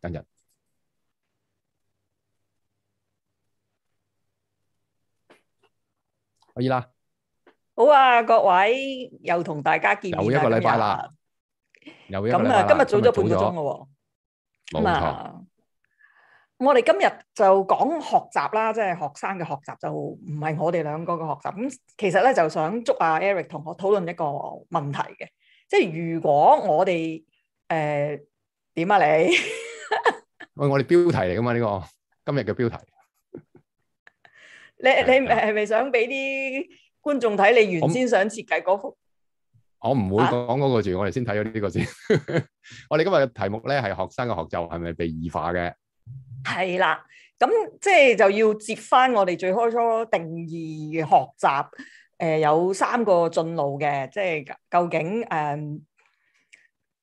今日可以啦，好啊，各位又同大家見面一個禮拜啦，天又一個咁啊。今日早咗半個鐘咯，冇錯，嗯，我哋今日就講學習啦，即係學生嘅學習就唔係我哋兩個嘅學習咁。其實咧就想捉阿 Eric 同我討論一個問題嘅，即係如果我哋誒點啊，你？ 喂、哎，我哋標題嚟噶嘛？呢、這個今日嘅標題， 你你係咪想俾啲觀眾睇？你原先想設計嗰幅，我唔會講嗰、那個啊、個字。 我哋先睇咗呢個先。我哋今日嘅題目咧係學生嘅學習係咪被異化嘅？係啦，咁即係就要接翻我哋最開初定義嘅學習誒、呃，有三個進路嘅，即係究竟誒、呃、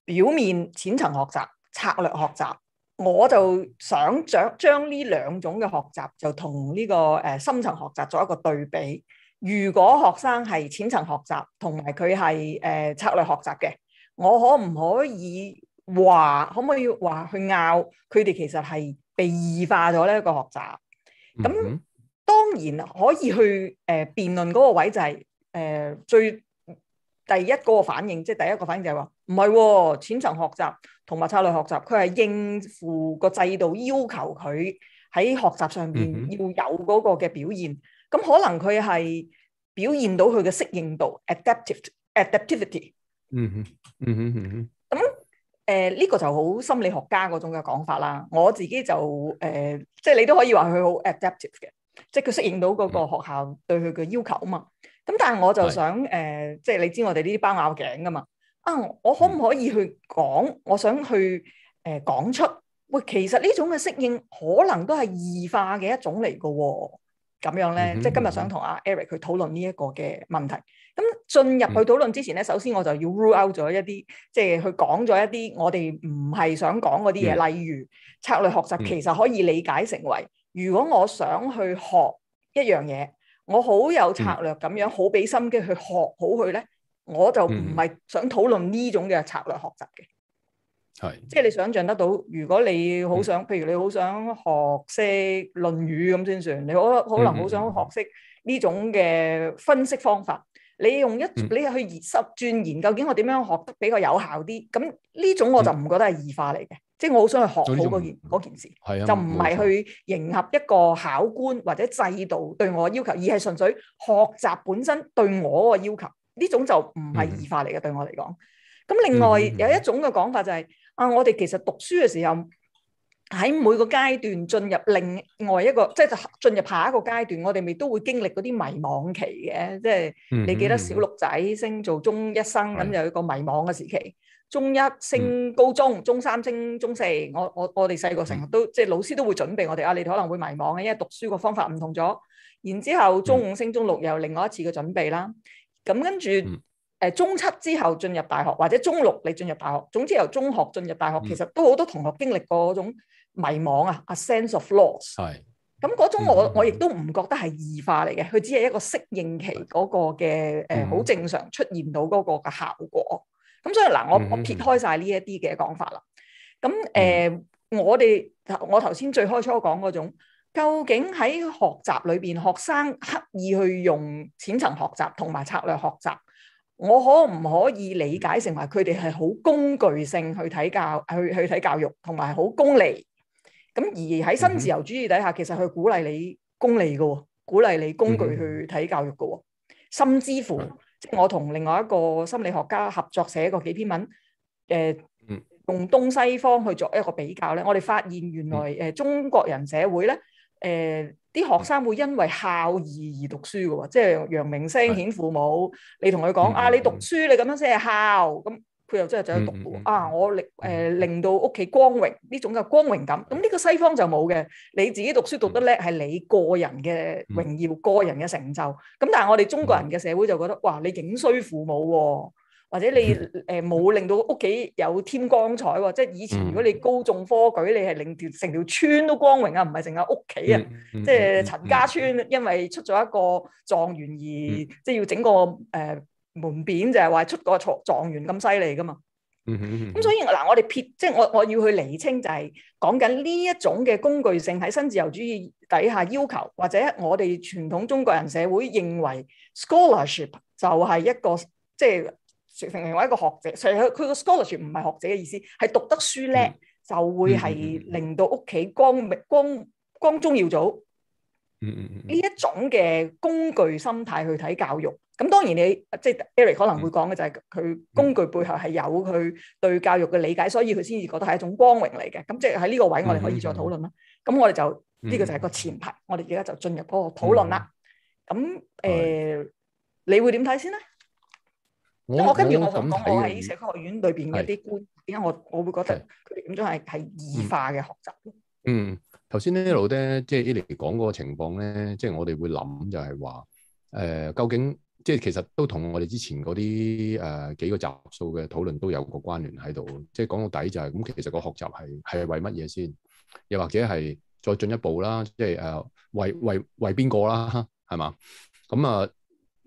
表面淺層學習、策略學習。我就想將將呢兩種嘅學習，就同呢個誒深層學習做一個對比。如果學生係淺層學習，同埋佢係誒策略學習嘅，我可唔可以話？可唔可以話去拗佢哋？其實係被異化咗呢一個學習。咁當然可以去誒辯論嗰個位、就係，就係誒最第一個反應，即、就、係、是、第一個反應就係話唔係喎，淺層、哦、學習。同埋策略學習，佢係應付個制度要求，佢喺學習上邊要有嗰個嘅表現。咁、嗯、哼可能佢係表現到佢嘅適應度 Adaptive adaptivity）、嗯。嗯嗯嗯嗯。咁誒呢個就好心理學家嗰種嘅講法啦。我自己就誒，即、呃、係、就是、你都可以話佢好 Adaptive 嘅，即係佢適應到嗰個學校對佢嘅要求啊嘛。咁、嗯、哼但係我就想誒，即係是、呃就是、你知我哋呢啲包拗頸噶嘛？啊！Uh, 我可唔可以去講？我想去誒講、呃、出喂，其實呢種嘅適應可能都係異化嘅一種嚟嘅、哦，咁樣咧，mm hmm. 即係今日想同阿 Eric 去討論呢一個嘅問題。咁進入去討論之前咧，mm hmm. 首先我就要 rule out 咗一啲，即係佢講咗一啲我哋唔係想講嗰啲嘢，mm hmm. 例如策略學習其實可以理解成為，mm hmm. 如果我想去學一樣嘢，我好有策略咁樣，好俾、mm hmm. 心機去學好佢咧。我就唔係想討論呢種嘅策略學習嘅，係的，即係你想象得到，如果你好想，嗯、譬如你好想學識《論語》咁先算，你可可能好想學識呢種嘅分析方法，嗯嗯嗯，你用一你去實鑽研，究竟我點樣學得比較有效啲？咁呢、嗯、種我就唔覺得係異化嚟嘅。嗯、即係我好想去學好嗰件嗰件事，的就唔係去迎合一個考官或者制度對我嘅要求，而係純粹學習本身對我個要求。呢種就唔係異化嚟嘅，對我嚟講。咁另外有一種嘅講法就係啊，我哋其實讀書嘅時候，喺每個階段進入另外一個，即係進入下一個階段，我哋咪都會經歷嗰啲迷惘期嘅。即係你記得小六仔升做中一生，咁有一個迷惘嘅時期。中一升高中，中三升中四，我我我哋細個成日都即係老師都會準備我哋啊，你可能會迷惘嘅，因為讀書嘅方法唔同咗。然之後中五升中六，又另外一次嘅準備啦。咁跟住，誒、呃、中七之後進入大學，或者中六你進入大學，總之由中學進入大學，嗯、其實都好多同學經歷過嗰種迷惘啊，a sense of loss。係是。咁嗰、嗯、種我我亦都唔覺得係異化嚟嘅，佢只係一個適應期嗰個嘅誒，好、呃、正常出現到嗰個嘅效果。咁、嗯、所以嗱，我我撇開晒呢一啲嘅講法啦。咁誒，我哋我頭先最開初講嗰種。究竟喺學習裏邊，學生刻意去用淺層學習同埋策略學習，我可唔可以理解成為佢哋係好工具性去睇教去去睇教育，同埋好功利？咁而喺新自由主義底下，其實佢鼓勵你功利嘅喎，鼓勵你工具去睇教育嘅，喎，甚至乎的即係我同另外一個心理學家合作寫過幾篇文，誒、呃，用東西方去做一個比較咧，我哋發現原來誒中國人社會咧。誒啲、呃、學生會因為孝而而讀書嘅喎，即係揚明聲顯是的 父母。你同佢講啊，你讀書你咁樣先係孝，咁、嗯、佢、嗯、又真係走去讀、嗯嗯、啊，我令誒、呃、令到屋企光榮呢種嘅光榮感。咁呢個西方就冇嘅，你自己讀書讀得叻係、嗯、你個人嘅榮耀、嗯嗯、個人嘅成就。咁但係我哋中國人嘅社會就覺得，哇！你竟衰父母喎、啊。或者你誒冇、呃、令到屋企有添光彩喎、哦，即係以前如果你高中科舉，你係令條成條，條村都光榮啊，唔係成個屋企啊，嗯嗯嗯、即係陳家村因為出咗一個狀元而、嗯、即係要整個誒、呃、門匾就係話出個狀狀元咁犀利㗎嘛。咁、嗯嗯、所以嗱，我哋撇即係我我要去厘清就係講緊呢一種嘅工具性喺新自由主義底下要求，或者我哋傳統中國人社會認為 scholarship 就係一個即係。即成成為一個學者，成佢佢個 scholarship 唔係學者嘅意思，係讀得書叻就會係令到屋企光榮光光宗耀祖。嗯，呢一種嘅工具心態去睇教育，咁當然你即係 Eric 可能會講嘅就係佢工具背後係有佢對教育嘅理解，所以佢先至覺得係一種光榮嚟嘅。咁即係喺呢個位，我哋可以再討論啦。咁我哋就呢、呢個就係個前排，我哋而家就進入嗰個討論啦。咁誒、呃，你會點睇先咧？我我跟住我咁你講，我喺社區學院裏邊一啲觀點，解我我會覺得佢點都係係異化嘅學習。嗯，頭先呢啲老爹即係依嚟講嗰個情況咧，即係我哋會諗就係話誒，究竟即係其實都同我哋之前嗰啲誒幾個集數嘅討論都有個關聯喺度。即係講到底就係、是、咁、嗯，其實個學習係係為乜嘢先？又或者係再進一步啦，即係誒、呃、為為為邊個啦？係嘛？咁、嗯、啊？嗯呃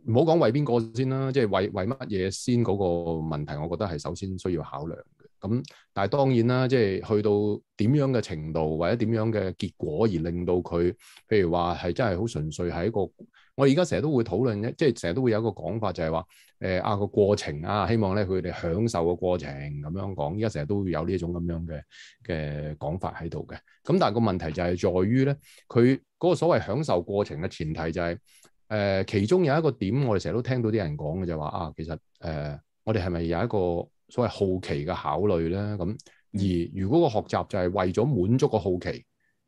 唔好講為邊個先啦，即係為為乜嘢先嗰個問題，我覺得係首先需要考量嘅。咁但係當然啦，即係去到點樣嘅程度或者點樣嘅結果而令到佢，譬如話係真係好純粹係一個，我而家成日都會討論，即係成日都會有一個講法，就係話誒啊個過程啊，希望咧佢哋享受個過程咁樣講。而家成日都會有呢種咁樣嘅嘅講法喺度嘅。咁但係個問題就係在於咧，佢嗰個所謂享受過程嘅前提就係。誒、呃，其中有一個點，我哋成日都聽到啲人講嘅就係、是、話啊，其實誒、呃，我哋係咪有一個所謂好奇嘅考慮咧？咁而如果個學習就係為咗滿足個好奇，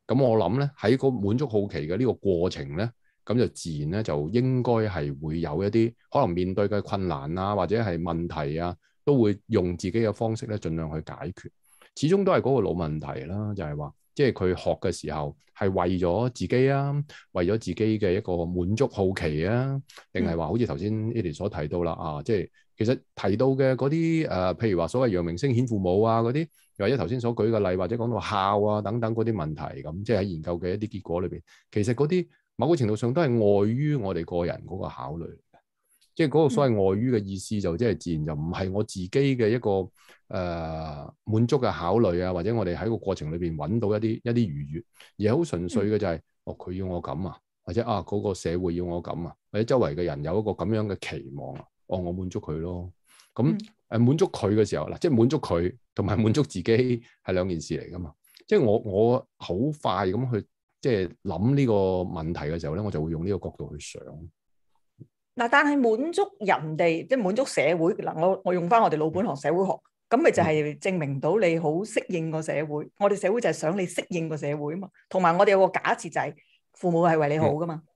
咁我諗咧喺個滿足好奇嘅呢個過程咧，咁就自然咧就應該係會有一啲可能面對嘅困難啊，或者係問題啊，都會用自己嘅方式咧盡量去解決。始終都係嗰個老問題啦，就係、是、話。即係佢學嘅時候係為咗自己啊，為咗自己嘅一個滿足好奇啊，定係話好似頭先 Eddie 所提到啦啊，即係其實提到嘅嗰啲誒，譬如話所謂揚名聲顯父母啊嗰啲，又或者頭先所舉嘅例，或者講到孝啊等等嗰啲問題咁，即係喺研究嘅一啲結果裏邊，其實嗰啲某個程度上都係外於我哋個人嗰個考慮，即係嗰個所謂外於嘅意思就即係自然就唔係我自己嘅一個。誒，滿足嘅考慮啊，或者我哋喺個過程裏邊揾到一啲一啲愉悅，而好純粹嘅就係，嗯、哦，佢要我咁啊，或者啊，嗰個社會要我咁啊，或者周圍嘅人有一個咁樣嘅期望啊，哦，我滿足佢咯。咁、嗯、誒，滿足佢嘅時候嗱，即係滿足佢同埋滿足自己係兩件事嚟噶嘛。即係我我好快咁去即係諗呢個問題嘅時候咧，我就會用呢個角度去想。嗱，但係滿足人哋，即係滿足社會，嗱，我我用翻我哋老本行社會學。咁咪就係證明到你好適應個社會，我哋社會就係想你適應個社會嘛。同埋我哋有個假設就係父母係為你好噶嘛，嗯、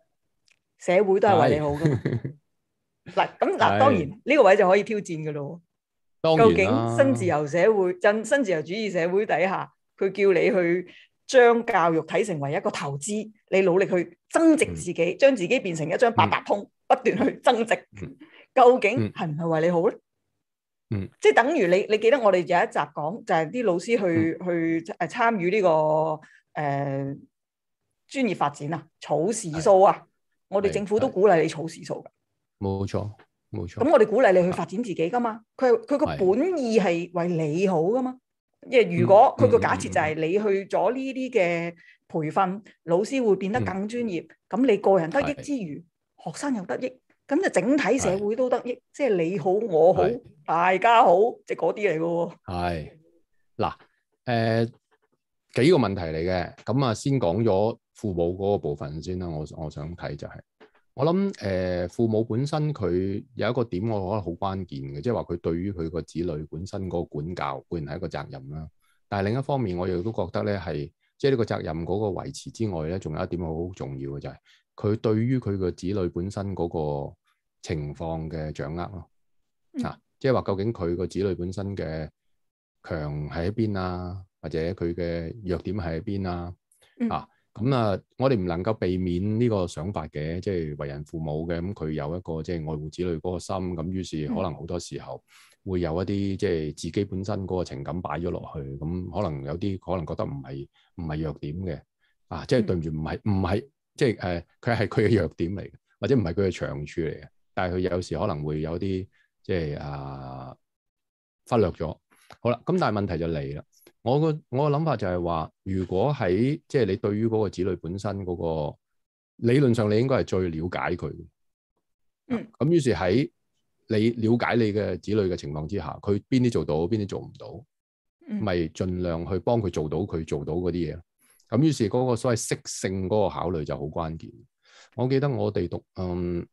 社會都係為你好噶嘛。嗱咁嗱，當然呢、哎、個位就可以挑戰噶咯。究竟新自由社會、新新自由主義社會底下，佢叫你去將教育睇成為一個投資，你努力去增值自己，嗯、將自己變成一張八達通，嗯、不斷去增值，嗯、究竟係唔係為你好咧？嗯，即係等於你，你記得我哋有一集講就係、是、啲老師去、嗯、去誒參與呢、這個誒、呃、專業發展啊，儲時數啊，是我哋政府都鼓勵你儲時數噶，冇錯冇錯。咁我哋鼓勵你去發展自己噶嘛，佢係佢個本意係為你好噶嘛。即係是如果佢個假設就係你去咗呢啲嘅培訓，嗯、老師會變得更專業，咁、嗯、你個人得益之餘，是學生又得益。咁就整體社會都得益，是即係你好我好是大家好，即係嗰啲嚟嘅喎。係，嗱，誒幾個問題嚟嘅。咁啊先講咗父母嗰個部分先啦。我我想睇就係、是、我諗誒、呃、父母本身佢有一個點，我覺得好關鍵嘅，即係話佢對於佢個子女本身嗰個管教固然係一個責任啦。但係另一方面，我亦都覺得咧係即係呢、就是、個責任嗰個維持之外咧，仲有一點好重要嘅就係、是。佢對於佢個子女本身嗰個情況嘅掌握咯，嗯、啊，即係話究竟佢個子女本身嘅強喺邊啊，或者佢嘅弱點喺邊啊？嗯、啊，咁、嗯、啊，我哋唔能夠避免呢個想法嘅，即係為人父母嘅咁，佢、嗯、有一個即係愛護子女嗰個心，咁、嗯、於是可能好多時候會有一啲即係自己本身嗰個情感擺咗落去，咁、嗯嗯、可能有啲可能覺得唔係唔係弱點嘅啊，即係對唔住，唔係唔係。即係誒，佢係佢嘅弱點嚟嘅，或者唔係佢嘅長處嚟嘅，但係佢有時可能會有啲即係啊忽略咗。好啦，咁但係問題就嚟啦。我個我嘅諗法就係話，如果喺即係你對於嗰個子女本身嗰個理論上，你應該係最了解佢。嗯。咁於是喺你了解你嘅子女嘅情況之下，佢邊啲做到，邊啲做唔到，咪、嗯、盡量去幫佢做到佢做到嗰啲嘢。咁於是嗰個所謂適性嗰個考慮就好關鍵。我記得我哋讀嗯，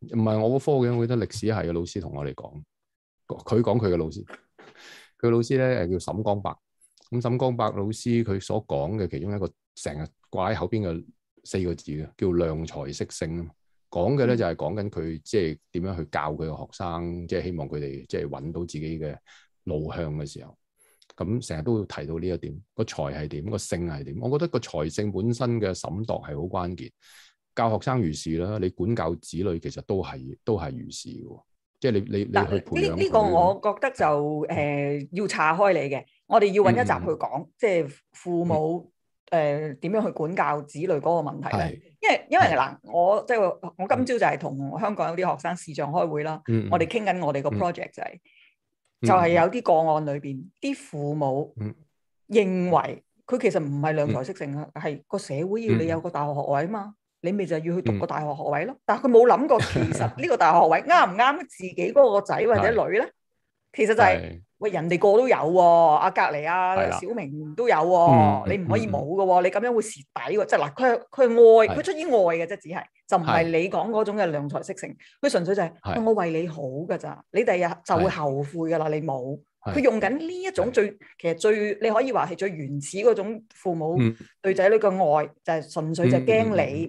唔係我科嘅，我記得歷史系嘅老師同我哋講，佢講佢嘅老師，佢老師咧誒叫沈光白。咁、嗯、沈光白老師佢所講嘅其中一個成日掛喺口邊嘅四個字嘅，叫量才適性。講嘅咧就係、是、講緊佢即係點樣去教佢嘅學生，即係希望佢哋即係揾到自己嘅路向嘅時候。咁成日都提到呢一點，個財係點，個性係點？我覺得個財政本身嘅審度係好關鍵。教學生如是啦，你管教子女其實都係都係如是嘅。即係你你但 你去呢呢個我覺得就誒、呃、要拆開你嘅。我哋要搵一集去講，即係、嗯嗯、父母誒點、嗯呃、樣去管教子女嗰個問題。是因為因為嗱是，我即係我今朝就係同香港有啲學生視像開會啦。嗯嗯、我哋傾緊我哋個 project 就係。嗯嗯就係有啲個案裏邊，啲父母認為佢其實唔係量才適性啊，係、嗯、個社會要你有個大學學位啊嘛，嗯、你咪就要去讀個大學學位咯。但係佢冇諗過，其實呢個大學學位啱唔啱自己嗰個仔或者女咧？是其實就係。喂，人哋個個都有喎，阿隔離啊、啊小明都有喎、啊，嗯、你唔可以冇噶喎，嗯、你咁樣會蝕底喎。即係嗱，佢佢係愛，佢是出於愛嘅啫，只係是就唔係你講嗰種嘅良才適性，佢純粹就係、是是哦、我為你好噶咋。你第二日就會後悔噶啦，是你冇佢是用緊呢一種最是其實最你可以話係最原始嗰種父母對仔女嘅愛，嗯、就係純粹就係驚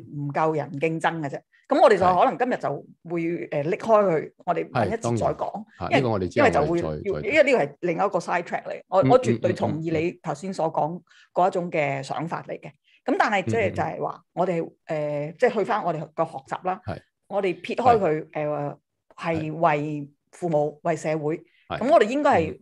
你唔夠人競爭嘅啫。咁我哋就可能今日就會誒拎開佢，我哋一次再講，因為我哋因為就會，因為呢個係另一個 side track 嚟。我我絕對同意你頭先所講嗰一種嘅想法嚟嘅。咁但係即係就係話，我哋誒即係去翻我哋個學習啦。我哋撇開佢誒係為父母為社會，咁我哋應該係，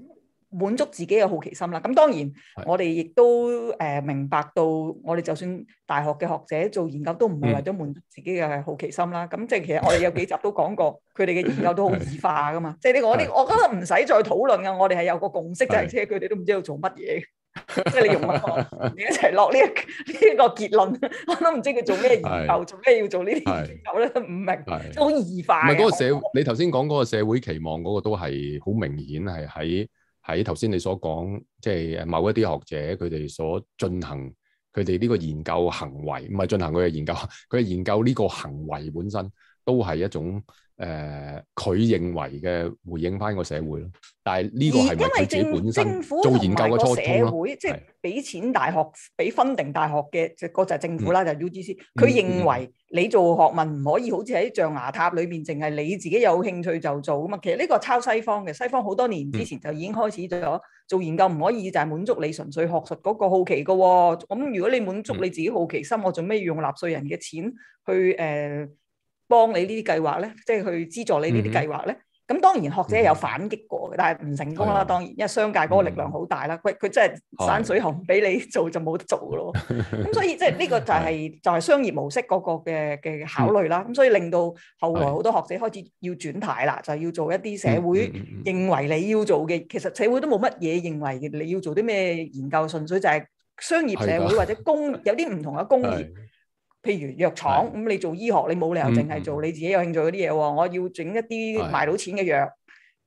滿足自己嘅好奇心啦，咁當然我哋亦都誒明白到，我哋就算大學嘅學者做研究都唔係為咗滿足自己嘅好奇心啦。咁即係其實我哋有幾集都講過，佢哋嘅研究都好異化㗎嘛。即係呢個呢，我覺得唔使再討論呀。我哋係有個共識，就係即係佢哋都唔知喺度做乜嘢。即係你用乜嘢一齊落呢個，呢個結論我都唔知佢做咩研究，做咩要做呢啲研究咧？唔明都好異化。唔係嗰個社，你頭先講嗰個社會期望嗰個都係好明顯係喺。喺頭先你所講，即係某一啲學者佢哋所進行佢哋呢個研究行為，唔係進行佢嘅研究，佢嘅研究呢個行為本身都係一種。誒，佢、呃、認為嘅回應翻個社會咯，但係呢個係因自政府做研究嘅初衷咯，即係俾錢大學，俾是分定大學嘅，那個、就嗰政府啦，嗯、就 UGC。佢認為你做學問唔可以好似喺象牙塔裏面淨係你自己有興趣就做噶嘛，其實呢個抄西方嘅，西方好多年之前就已經開始咗做研究唔可以就係滿足你純粹學術嗰個好奇噶、哦，咁如果你滿足你自己好奇、嗯、心，我做咩要用納稅人嘅錢去誒？呃幫你呢啲計劃咧，即係去資助你呢啲計劃咧。咁當然學者有反擊過嘅，但係唔成功啦。當然，因為商界嗰個力量好大啦。佢佢真係閂水喉，唔俾你做就冇得做咯。咁所以即係呢個就係就係商業模式各個嘅嘅考慮啦。咁所以令到後來好多學者開始要轉態啦，就係要做一啲社會認為你要做嘅。其實社會都冇乜嘢認為你要做啲咩研究，純粹就係商業社會或者工有啲唔同嘅工業。譬如藥廠咁，你做醫學，你冇理由淨係做你自己有興趣嗰啲嘢喎，嗯、我要整一啲賣到錢嘅藥，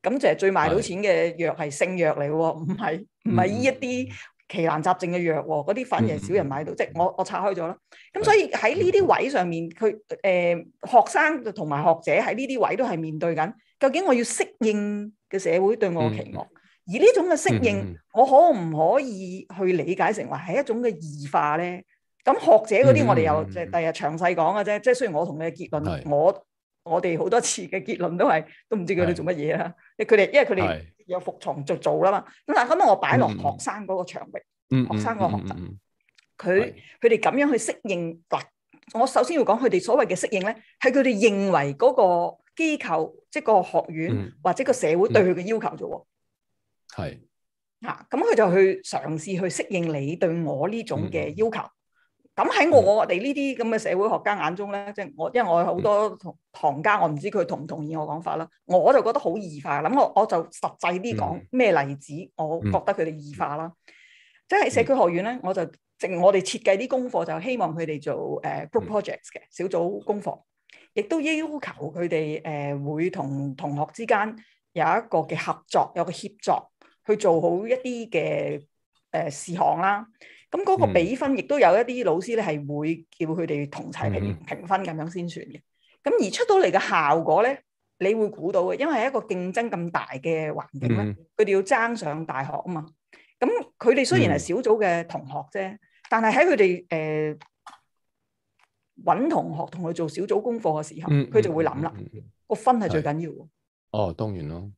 咁是就係最賣到錢嘅藥係性藥嚟，唔係唔係依一啲奇難雜症嘅藥，嗰啲反而係少人買到。嗯、即係我我拆開咗啦，咁所以喺呢啲位上面，佢誒、呃、學生同埋學者喺呢啲位都係面對緊，究竟我要適應嘅社會對我嘅期望，嗯、而呢種嘅適應，我、嗯、可唔可以去理解成為係一種嘅異化咧？咁學者嗰啲，我哋又即係第日詳細講嘅啫。即係雖然我同你嘅結論，我我哋好多次嘅結論都係都唔知佢哋做乜嘢啦。即佢哋，因為佢哋有服從就做啦嘛。咁但係咁，我擺落學生嗰個場域，學生個學習，佢佢哋咁樣去適應。嗱，我首先要講佢哋所謂嘅適應咧，係佢哋認為嗰個機構即係個學院或者個社會對佢嘅要求啫喎。係。咁佢就去嘗試去適應你對我呢種嘅要求。咁喺我哋呢啲咁嘅社會學家眼中咧，即係我，因為我有好多同行家，我唔知佢同唔同意我講法啦。我就覺得好異化，咁我我就實際啲講咩例子，嗯、我覺得佢哋異化啦。嗯、即係喺社區學院咧，我就即我哋設計啲功課，就希望佢哋做 uh, group projects 嘅小組功課，亦都要求佢哋誒會同同學之間有一個嘅合作，有個協作去做好一啲嘅誒事項啦。咁嗰、嗯、個比分亦都有一啲老師咧係會叫佢哋同齊評評分咁樣先算嘅。咁、嗯、而出到嚟嘅效果咧，你會估到嘅，因為係一個競爭咁大嘅環境咧，佢哋、嗯、要爭上大學啊嘛。咁佢哋雖然係小組嘅同學啫，嗯、但係喺佢哋誒揾同學同佢做小組功課嘅時候，佢、嗯、就會諗啦，嗯嗯嗯嗯、個分係最緊要。哦，當然囉。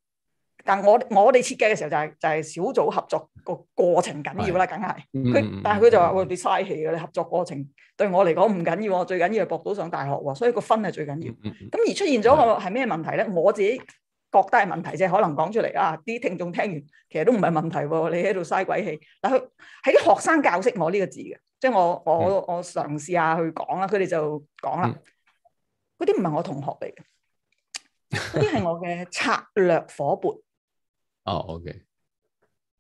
但我我哋設計嘅時候就係就係小組合作個過程緊要啦，梗係佢。但係佢就話：我哋嘥氣嘅，你合作過程對我嚟講唔緊要，最緊要係博到上大學喎。所以個分係最緊要。咁而出現咗個係咩問題咧？我自己覺得係問題啫，可能講出嚟啊啲聽眾聽完其實都唔係問題喎，你喺度嘥鬼氣。嗱，喺啲學生教識我呢個字嘅，即係我我我嘗試下去講啦，佢哋就講啦。嗰啲唔係我同學嚟嘅，嗰啲係我嘅策略伙伴。 哦、oh，OK。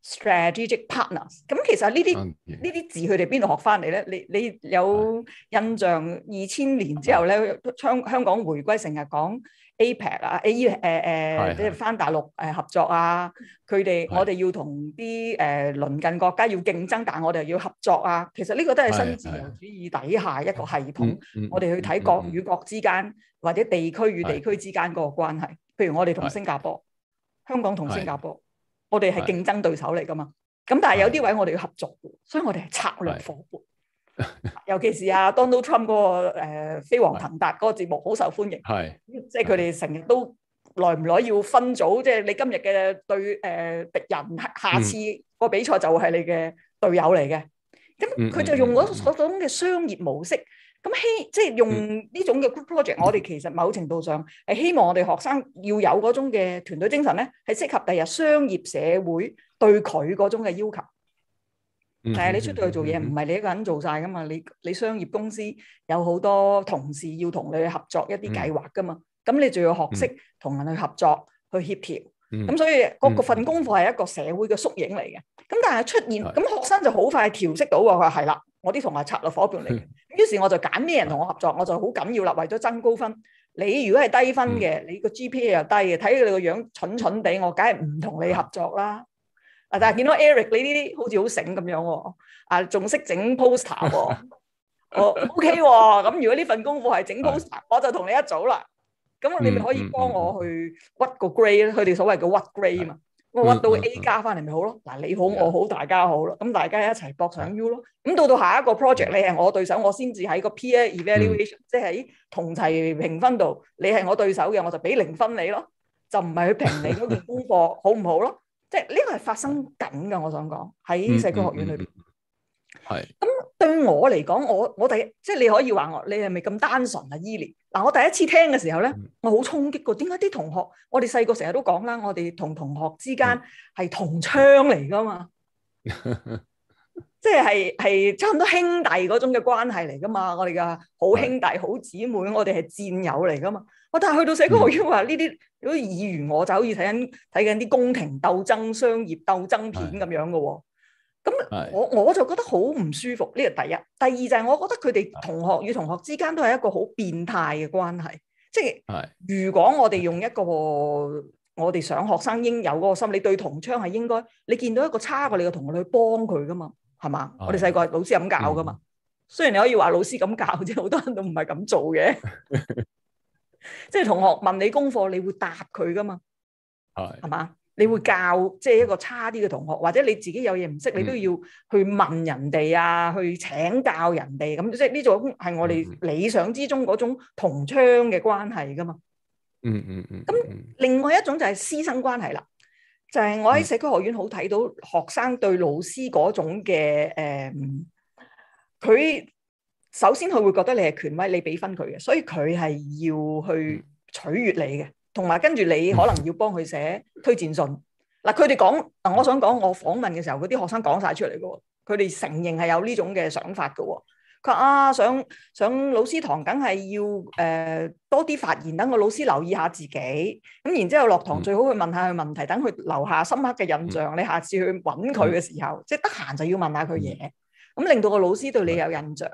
Strategic partners，咁其實 Okay. 呢啲呢啲字佢哋邊度學翻嚟咧？你你有印象二千年之後咧，香 Yeah. 香港回歸成日講 APEC 啊，A 誒誒即係翻大陸誒合作啊。佢哋我哋要同啲誒鄰近國家要競爭，但係我哋要合作啊。其實呢個都係新自由主義底下一個系統，Yeah. 我哋去睇國與國之間 Yeah. 或者地區與地區之間嗰個關係。譬 Yeah. Yeah. 如我哋同新加坡。Yeah. yeah. 香港同新加坡，是我哋係競爭對手嚟噶嘛？咁是但係有啲位我哋要合作，所以我哋係策略伙伴。是尤其是阿 Donald Trump 嗰、那個誒、呃、飛黃騰達嗰個節目好是受歡迎，係即係佢哋成日都來唔來要分組，即、就、係、是、你今日嘅對誒敵人，下次個比賽就係你嘅隊友嚟嘅。咁佢、嗯、就用嗰嗰種嘅商業模式。咁希即係用呢種嘅 group project，我哋其實某程度上係希望我哋學生要有嗰種嘅團隊精神咧，係適合第日商業社會對佢嗰種嘅要求。但係你出到去做嘢唔係你一個人做晒噶嘛？你你商業公司有好多同事要同你去合作一啲計劃噶嘛？咁你仲要學識同人去合作去協調。咁所以個份功課係一個社會嘅縮影嚟嘅。咁但係出現咁學生就好快調適到喎。佢話係啦，我啲同學策略伙伴嚟。於是我就揀咩人同我合作，我就好緊要啦。為咗增高分，你如果係低分嘅，嗯、你個 GPA 又低嘅，睇佢哋個樣蠢蠢地，我梗係唔同你合作啦。嗯、啊，但係見到 Eric 你呢啲好似好醒咁樣喎，啊仲識整 poster 喎，啊、 我 OK 喎、啊。咁如果呢份功夫係整 poster，嗯、我就同你一組啦。咁、啊嗯嗯、你咪可以幫我去屈個 grade，佢哋所謂嘅 w 屈 grade 啊嘛。我搵到 A 加翻嚟咪好咯，嗱你好我好大家好咯，咁大家一齊搏上 U 咯，咁到到下一個 project 你係我對手，我先至喺個 peer evaluation、嗯、即係喺同齊評分度，你係我對手嘅，我就俾零分你咯，就唔係去評你嗰件功課 好唔好咯，即係呢個係發生緊㗎，我想講喺社區學院裏邊。嗯嗯嗯係，咁是對我嚟講，我我第一即係你可以話我，你係咪咁單純啊？依蓮嗱，我第一次聽嘅時候咧，我好衝擊嘅。點解啲同學，我哋細個成日都講啦，我哋同同學之間係同窗嚟噶嘛，即係係係差唔多兄弟嗰種嘅關係嚟噶嘛。我哋嘅好兄弟、是好姊妹，我哋係戰友嚟噶嘛。我但係去到社區學院，呢啲是如果議員我就好似睇緊睇緊啲宮廷鬥爭、商業鬥爭片咁樣嘅、啊。咁我是我就覺得好唔舒服，呢個第一。第二就係我覺得佢哋同學與同學之間都係一個好變態嘅關係。是即係如果我哋用一個是我哋想學生應有嗰個心理對同窗係應該，你見到一個差過你嘅同學，你去幫佢噶嘛？係是嘛？我哋細個老師咁教噶嘛。雖然你可以話老師咁教，即好多人都唔係咁做嘅。 即係同學問你功課，你會答佢噶嘛？係係嘛？你會教即係一個差啲嘅同學，或者你自己有嘢唔識，你都要去問人哋啊，去請教人哋咁，即係呢種係我哋理想之中嗰種同窗嘅關係㗎嘛。嗯嗯，嗯嗯嗯。咁另外一種就係師生關係啦，就係、是、我喺社區學院好睇到學生對老師嗰種嘅誒，佢、嗯嗯嗯、首先佢會覺得你係權威，你俾分佢嘅，所以佢係要去取悅你嘅。嗯同埋跟住你可能要幫佢寫推薦信。嗱，佢哋講，嗱，我想講我訪問嘅時候，嗰啲學生講晒出嚟㗎喎，佢哋承認係有呢種嘅想法㗎喎。佢話啊，想想老師堂梗係要誒、呃、多啲發言，等個老師留意下自己。咁然之後落堂最好去問下佢問題，等佢、嗯、留下深刻嘅印象。嗯、你下次去揾佢嘅時候，嗯、即係得閒就要問下佢嘢，咁令到個老師對你有印象。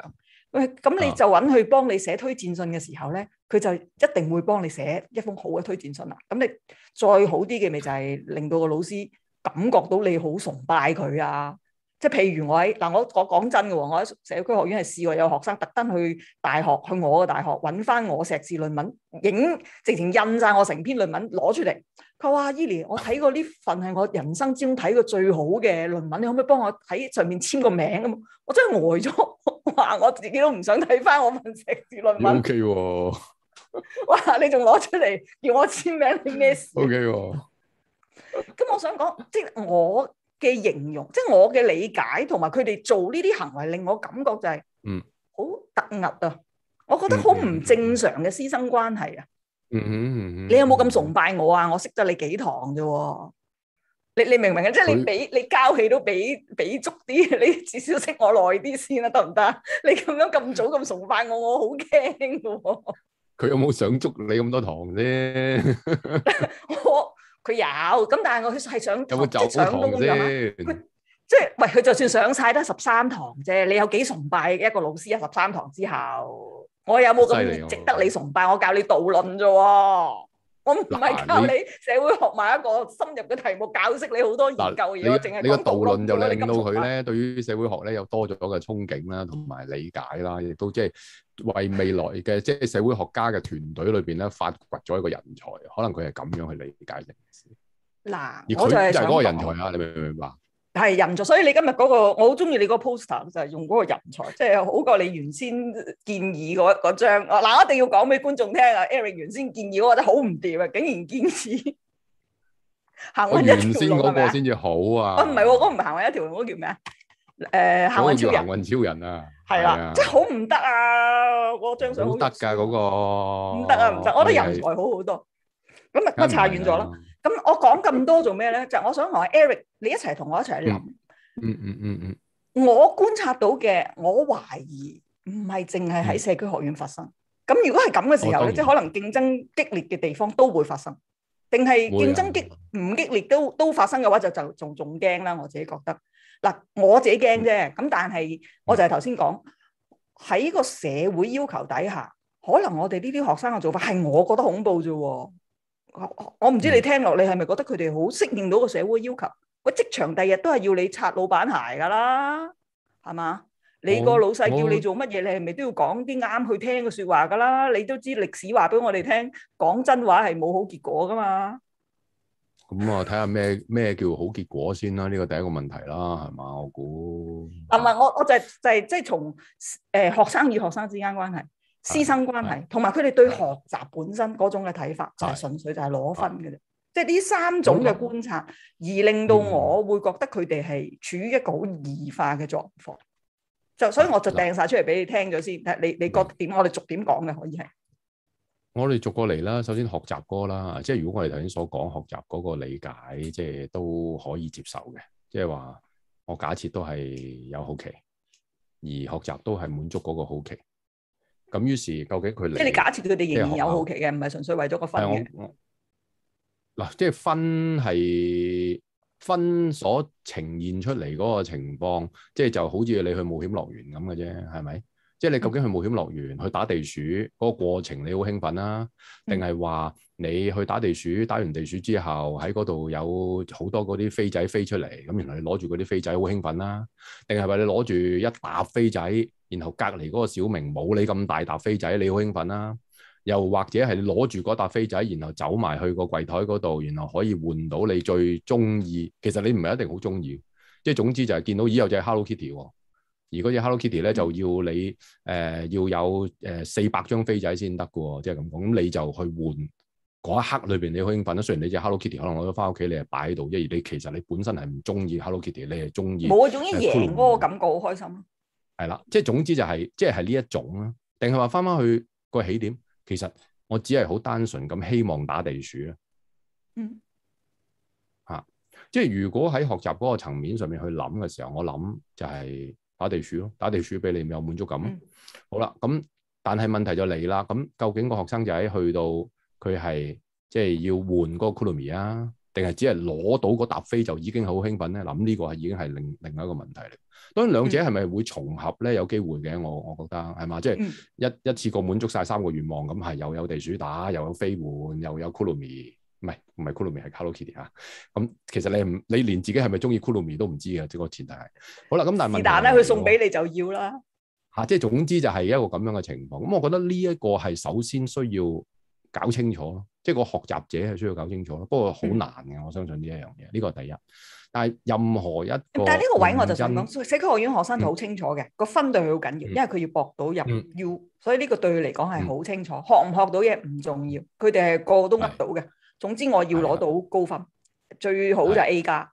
咁你就揾佢幫你寫推薦信嘅時候咧，佢就一定會幫你寫一封好嘅推薦信啦。咁你再好啲嘅咪就係令到個老師感覺到你好崇拜佢啊！即係譬如我喺嗱，我我講真嘅喎，我喺社區學院係試過有學生特登去大學，去我嘅大學揾翻我碩士論文，影直情印晒我成篇論文攞出嚟。佢話：伊研，我睇過呢份係我人生之中睇過最好嘅論文，你可唔可以幫我喺上面簽個名咁？我真係呆咗，話我自己都唔想睇翻我份碩士論文。O K 喎，哇！你仲攞出嚟叫我簽名，你咩事？O K 喎。咁 我想講，即係我。嘅形容，即係我嘅理解，同埋佢哋做呢啲行為，令我感覺就係，嗯，好突兀啊！我覺得好唔正常嘅師生關係啊！嗯哼嗯哼嗯哼。你有冇咁崇拜我啊？我識咗你幾堂啫、啊，你你明唔明啊？即係他你俾你交氣都俾俾足啲，你至少識我耐啲先啦、啊，得唔得？你咁樣咁早咁崇拜我，我好驚嘅。佢有冇想捉你咁多堂先？ 我。佢有咁，但係我佢係想上堂先，有有堂即係喂佢就算上晒得十三堂啫，你有幾崇拜一個老師、啊？一十三堂之後，我有冇咁值得你崇拜？我教你導論啫、啊。我唔係靠你社會學埋一個深入嘅題目，教識你好多研究嘢，淨係你個導論就令到佢咧，對於社會學咧又多咗個憧憬啦，同埋理解啦，亦都即係為未來嘅即係社會學家嘅團隊裏邊咧，發掘咗一個人才，可能佢係咁樣去理解成事。嗱，而佢就係就係嗰個人才啊！你明唔明白？係人才，所以你今日嗰、嗰個我好中意你嗰個 poster 就係用嗰個人才，即係好過你原先建議嗰嗰張。嗱，一定要講俾觀眾聽啊！Eric 原先建議我覺得好唔掂啊，竟然堅持行運一條路。我原先嗰個先至嗎好啊，我唔係我唔行運一條路，嗰個叫咩啊？誒、呃，行運超，超人啊，係啦，即係好唔得啊！我張相好得噶，嗰個唔得啊，唔得、啊，我覺得人才好好多。咁咪乜差遠咗啦？咁、啊、我講咁多做咩咧？就是、我想同 Eric。你一齊同我一齊去諗，嗯嗯嗯嗯，嗯，我觀察到嘅，我懷疑唔係淨係喺社區學院發生。咁、嗯、如果係咁嘅時候咧，哦、即係可能競爭激烈嘅地方都會發生，定係競爭激唔激烈都都發生嘅話，就就仲仲驚啦。我自己覺得嗱，我自己驚啫。咁、嗯、但係我就係頭先講喺個社會要求底下，可能我哋呢啲學生嘅做法係我覺得恐怖啫。我我唔知你聽落，你係咪覺得佢哋好適應到個社會要求？我職場第二日都係要你擦老闆鞋噶啦，係嘛？你個老細叫你做乜嘢，你係咪都要講啲啱去聽嘅說話噶啦？你都知歷史話俾我哋聽，講真話係冇好結果噶嘛？咁、嗯、我睇下咩咩叫好結果先啦，呢個第一個問題啦，係嘛？我估唔係我，我就係、就係即係從誒學生與學生之間關係、師生關係，同埋佢哋對學習本身嗰種嘅睇法，就係純粹就係攞分嘅啫。即係呢三種嘅觀察，嗯、而令到我會覺得佢哋係處於一個好異化嘅狀況。就、嗯、所以我就掟晒出嚟俾你聽咗先。嗯、你你覺得點？我哋逐點講嘅可以係。我哋逐個嚟啦。首先學習歌啦，即係如果我哋頭先所講，學習嗰個理解，即係都可以接受嘅。即係話我假設都係有好奇，而學習都係滿足嗰個好奇。咁於是究竟佢即係你假設佢哋仍然有好奇嘅，唔係習純粹為咗個分嘅。嗱，即係分係分所呈現出嚟嗰個情況，即係就好似你去冒險樂園咁嘅啫，係咪？即係你究竟去冒險樂園去打地鼠嗰個過程，你好興奮啦，定係話你去打地鼠打完地鼠之後喺嗰度有好多嗰啲飛仔飛出嚟，咁原來你攞住嗰啲飛仔好興奮啦，定係話你攞住一沓飛仔，然後隔離嗰個小明冇你咁大沓飛仔，你好興奮啦？又或者係你攞住嗰沓飛仔，然後走埋去個櫃台嗰度，然後可以換到你最中意。其實你唔係一定好中意，即係總之就係見到咦？有隻 Hello Kitty 喎。而嗰隻 Hello Kitty 咧，嗯、就要你誒、呃、要有誒四百張飛仔先得嘅，即係咁講。咁、嗯、你就去換嗰一刻裏邊，你好興奮啦。雖然你隻 Hello Kitty 可能我都翻屋企，你係擺喺度。一而你其實你本身係唔中意 Hello Kitty，你係中意冇啊、呃？總之贏嗰個感覺好開心。係啦，即係總之就係、是、即係係呢一種啦，定係話翻返去個起點？其實我只係好單純咁希望打地鼠咯，嗯，嚇、啊，即係如果喺學習嗰個層面上面去諗嘅時候，我諗就係打地鼠咯，打地鼠俾你咪有滿足感。嗯、好啦，咁、嗯、但係問題就嚟啦，咁、嗯、究竟個學生仔去到佢係即係要換嗰個 conomy 啊，定係只係攞到嗰沓飛就已經好興奮咧？諗呢個係已經係另另外一個問題嚟。當然兩者係咪會重合咧？有機會嘅，我我覺得係嘛，即係一一次過滿足晒三個願望咁，係、嗯、又有地鼠打，又有飛狐，又有酷露咪，唔係唔係酷露咪，係 Kitty 啊！咁其實你唔你連自己係咪中意酷露咪都唔知嘅，即、呢個前提係好啦。咁但係是但咧，佢、就是、送俾你就要啦。吓，即係總之就係一個咁樣嘅情況。咁、嗯、我覺得呢一個係首先需要搞清楚咯，即係個學習者係需要搞清楚咯。不過好難嘅，嗯、我相信呢一樣嘢，呢個係第一。但係任何一，但係呢個位我就想講，社區學院學生就好清楚嘅，個分對佢好緊要，因為佢要搏到入 U，所以呢個對佢嚟講係好清楚。學唔學到嘢唔重要，佢哋係個個都呃到嘅。總之我要攞到高分，最好就係 A 加，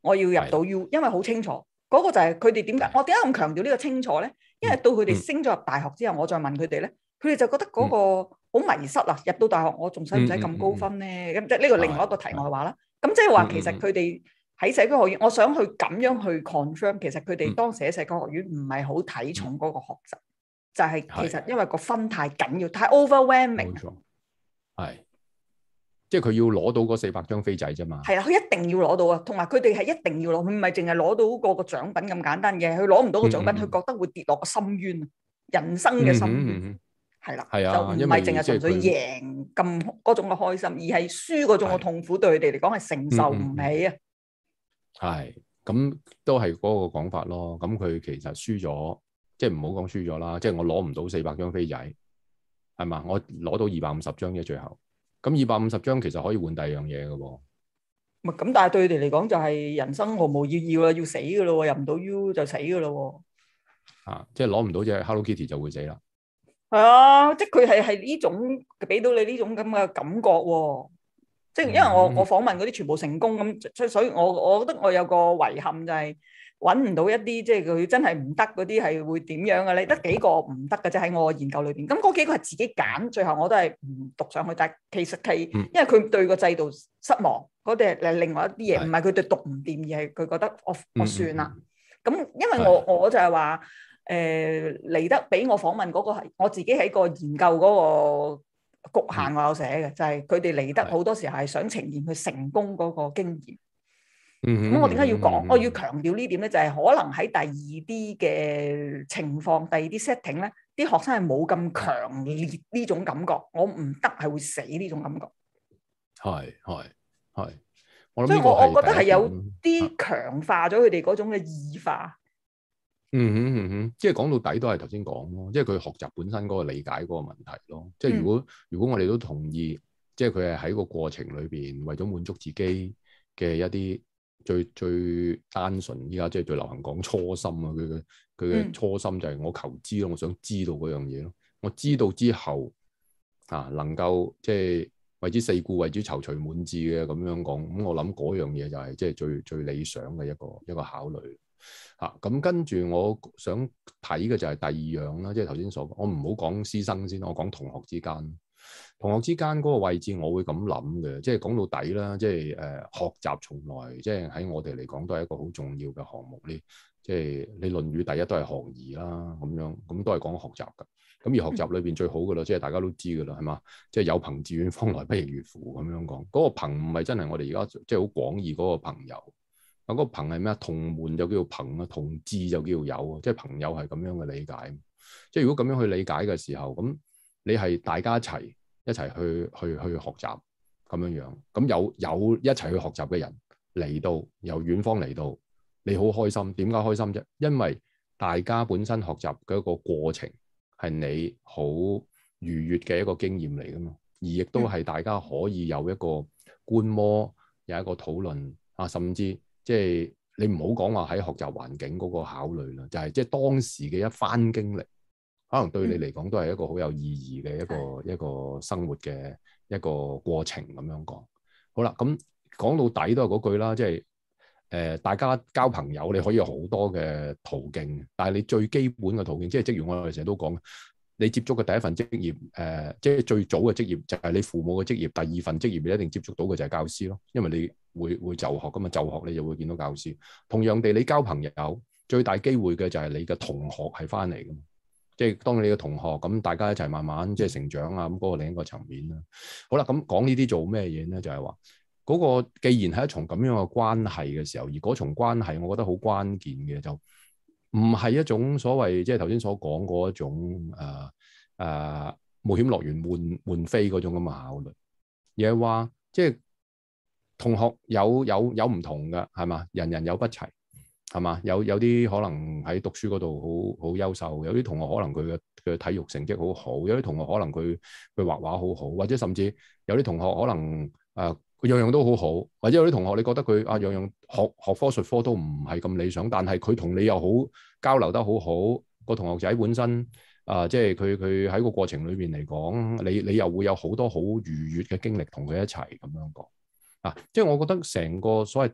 我要入到 U，因為好清楚。嗰個就係佢哋點解我點解咁強調呢個清楚咧？因為到佢哋升咗入大學之後，我再問佢哋咧，佢哋就覺得嗰個好迷失喇。入到大學我仲使唔使咁高分咧？咁即係呢個另外一個題外話啦。咁即係話其實佢哋。喺社區學院，我想去咁樣去 confirm。其實佢哋當時喺社區學院唔係好睇重嗰個學習，就係其實因為個分太緊要，太 overwhelming。係，即係佢要攞到嗰四百張飛仔啫嘛。係啊，佢一定要攞到啊。同埋佢哋係一定要攞，佢唔係淨係攞到嗰個獎品咁簡單嘅。佢攞唔到個獎品，佢覺得會跌落個深淵啊，人生嘅深淵。係啦，係啊，就唔係淨係純粹贏咁嗰種嘅開心，而係輸嗰種嘅痛苦對佢哋嚟講係承受唔起啊。係，咁、哎嗯、都係嗰個講法咯。咁、嗯、佢其實輸咗，即係唔好講輸咗啦。即係我攞唔到四百張飛仔，係嘛？我攞到二百五十張啫，最後。咁二百五十張其實可以換第二樣嘢噶。喎咁，但係對佢哋嚟講就係人生毫無意義啦，要死噶咯，入唔到 U 就死噶咯。啊！即係攞唔到隻 Hello Kitty 就會死啦。係啊，即係佢係係呢種俾到你呢種咁嘅感覺。即係因為我我訪問嗰啲全部成功咁，所以我我覺得我有個遺憾就係揾唔到一啲即係佢真係唔得嗰啲係會點樣嘅？你得幾個唔得嘅啫，喺我研究裏邊。咁嗰幾個係自己揀，最後我都係唔讀上去。但係其實係因為佢對個制度失望，嗰啲係另外一啲嘢，唔係佢對讀唔掂，而係佢覺得我我算啦。咁、嗯嗯嗯、因為我的我就係話誒嚟得俾我訪問嗰、嗰個係我自己喺個研究嗰、嗰個。局限我有寫嘅，就係佢哋嚟得好多時候係想呈現佢成功嗰個經驗。咁、嗯、哼我點解要講？嗯、哼我要強調呢點咧，就係、是、可能喺第二啲嘅情況、第二啲 setting 咧，啲學生係冇咁強烈呢種感覺。我唔得係會死呢種感覺。係係係。嗯我嗯、所以我我覺得係有啲強化咗佢哋嗰種嘅異化。嗯哼嗯哼，即係講到底都係頭先講咯，即係佢學習本身嗰個理解嗰個問題咯。即係如果、嗯、如果我哋都同意，即係佢係喺個過程裏邊為咗滿足自己嘅一啲最最單純，依家即係最流行講初心啊，佢嘅佢嘅初心就係我求知咯，嗯、我想知道嗰樣嘢咯，我知道之後啊，能夠即係為之四顧為之躊躇滿志嘅咁樣講，咁我諗嗰樣嘢就係、是、即係最最理想嘅一個一個考慮。吓咁、啊、跟住，我想睇嘅就係第二樣啦，即係頭先所講，我唔好講師生先，我講同學之間。同學之間嗰個位置，我會咁諗嘅，即係講到底啦，即係誒、呃，學習從來即係喺我哋嚟講都係一個好重要嘅項目咧。即係你論語第一都係學而啦，咁樣咁都係講學習噶。咁而學習裏邊最好噶啦，嗯、即係大家都知噶啦，係嘛？即係有朋自遠方來不，不亦說乎咁樣講。嗰、那個朋唔係真係我哋而家即係好廣義嗰個朋友。嗰個朋係咩啊？同門就叫做朋啊，同志就叫做友啊，即係朋友係咁樣嘅理解。即係如果咁樣去理解嘅時候，咁你係大家一齊一齊去去去學習咁樣樣，咁有有一齊去學習嘅人嚟到由遠方嚟到，你好開心。點解開心啫？因為大家本身學習嘅一個過程係你好愉悅嘅一個經驗嚟㗎嘛，而亦都係大家可以有一個觀摩，有一個討論啊，甚至～即係你唔好講話喺學習環境嗰個考慮啦，就係即係當時嘅一番經歷，可能對你嚟講都係一個好有意義嘅一個、嗯、一個生活嘅一個過程咁樣講。好啦，咁講到底都係嗰句啦，即係誒，大家交朋友你可以有好多嘅途徑，但係你最基本嘅途徑，就是、即係正如我哋成日都講。你接觸嘅第一份職業，誒、呃，即係最早嘅職業就係你父母嘅職業；第二份職業你一定接觸到嘅就係教師咯，因為你會會就學噶嘛，就學你就會見到教師。同樣地，你交朋友最大機會嘅就係你嘅同學係翻嚟噶嘛，即係當你嘅同學咁，大家一齊慢慢即係成長啊咁嗰、嗰個另一個層面啦。好啦，咁講呢啲做咩嘢咧？就係話嗰個既然係一重咁樣嘅關係嘅時候，而嗰重關係，我覺得好關鍵嘅就唔係一種所謂即係頭先所講嗰一種誒、誒、呃呃、冒險樂園換換飛嗰種咁嘅考慮，而係話即係同學有有有唔同㗎，係嘛？人人有不齊，係嘛？有有啲可能喺讀書嗰度好好優秀，有啲同學可能佢嘅佢嘅體育成績好好，有啲同學可能佢佢畫畫好好，或者甚至有啲同學可能誒。呃佢樣樣都好好，或者有啲同學你覺得佢啊樣樣學學科術科都唔係咁理想，但係佢同你又好交流得好好，個同學仔本身啊、呃，即係佢佢喺個過程裏面嚟講，你你又會有好多好愉悅嘅經歷同佢一齊咁樣講啊，即係我覺得成個所謂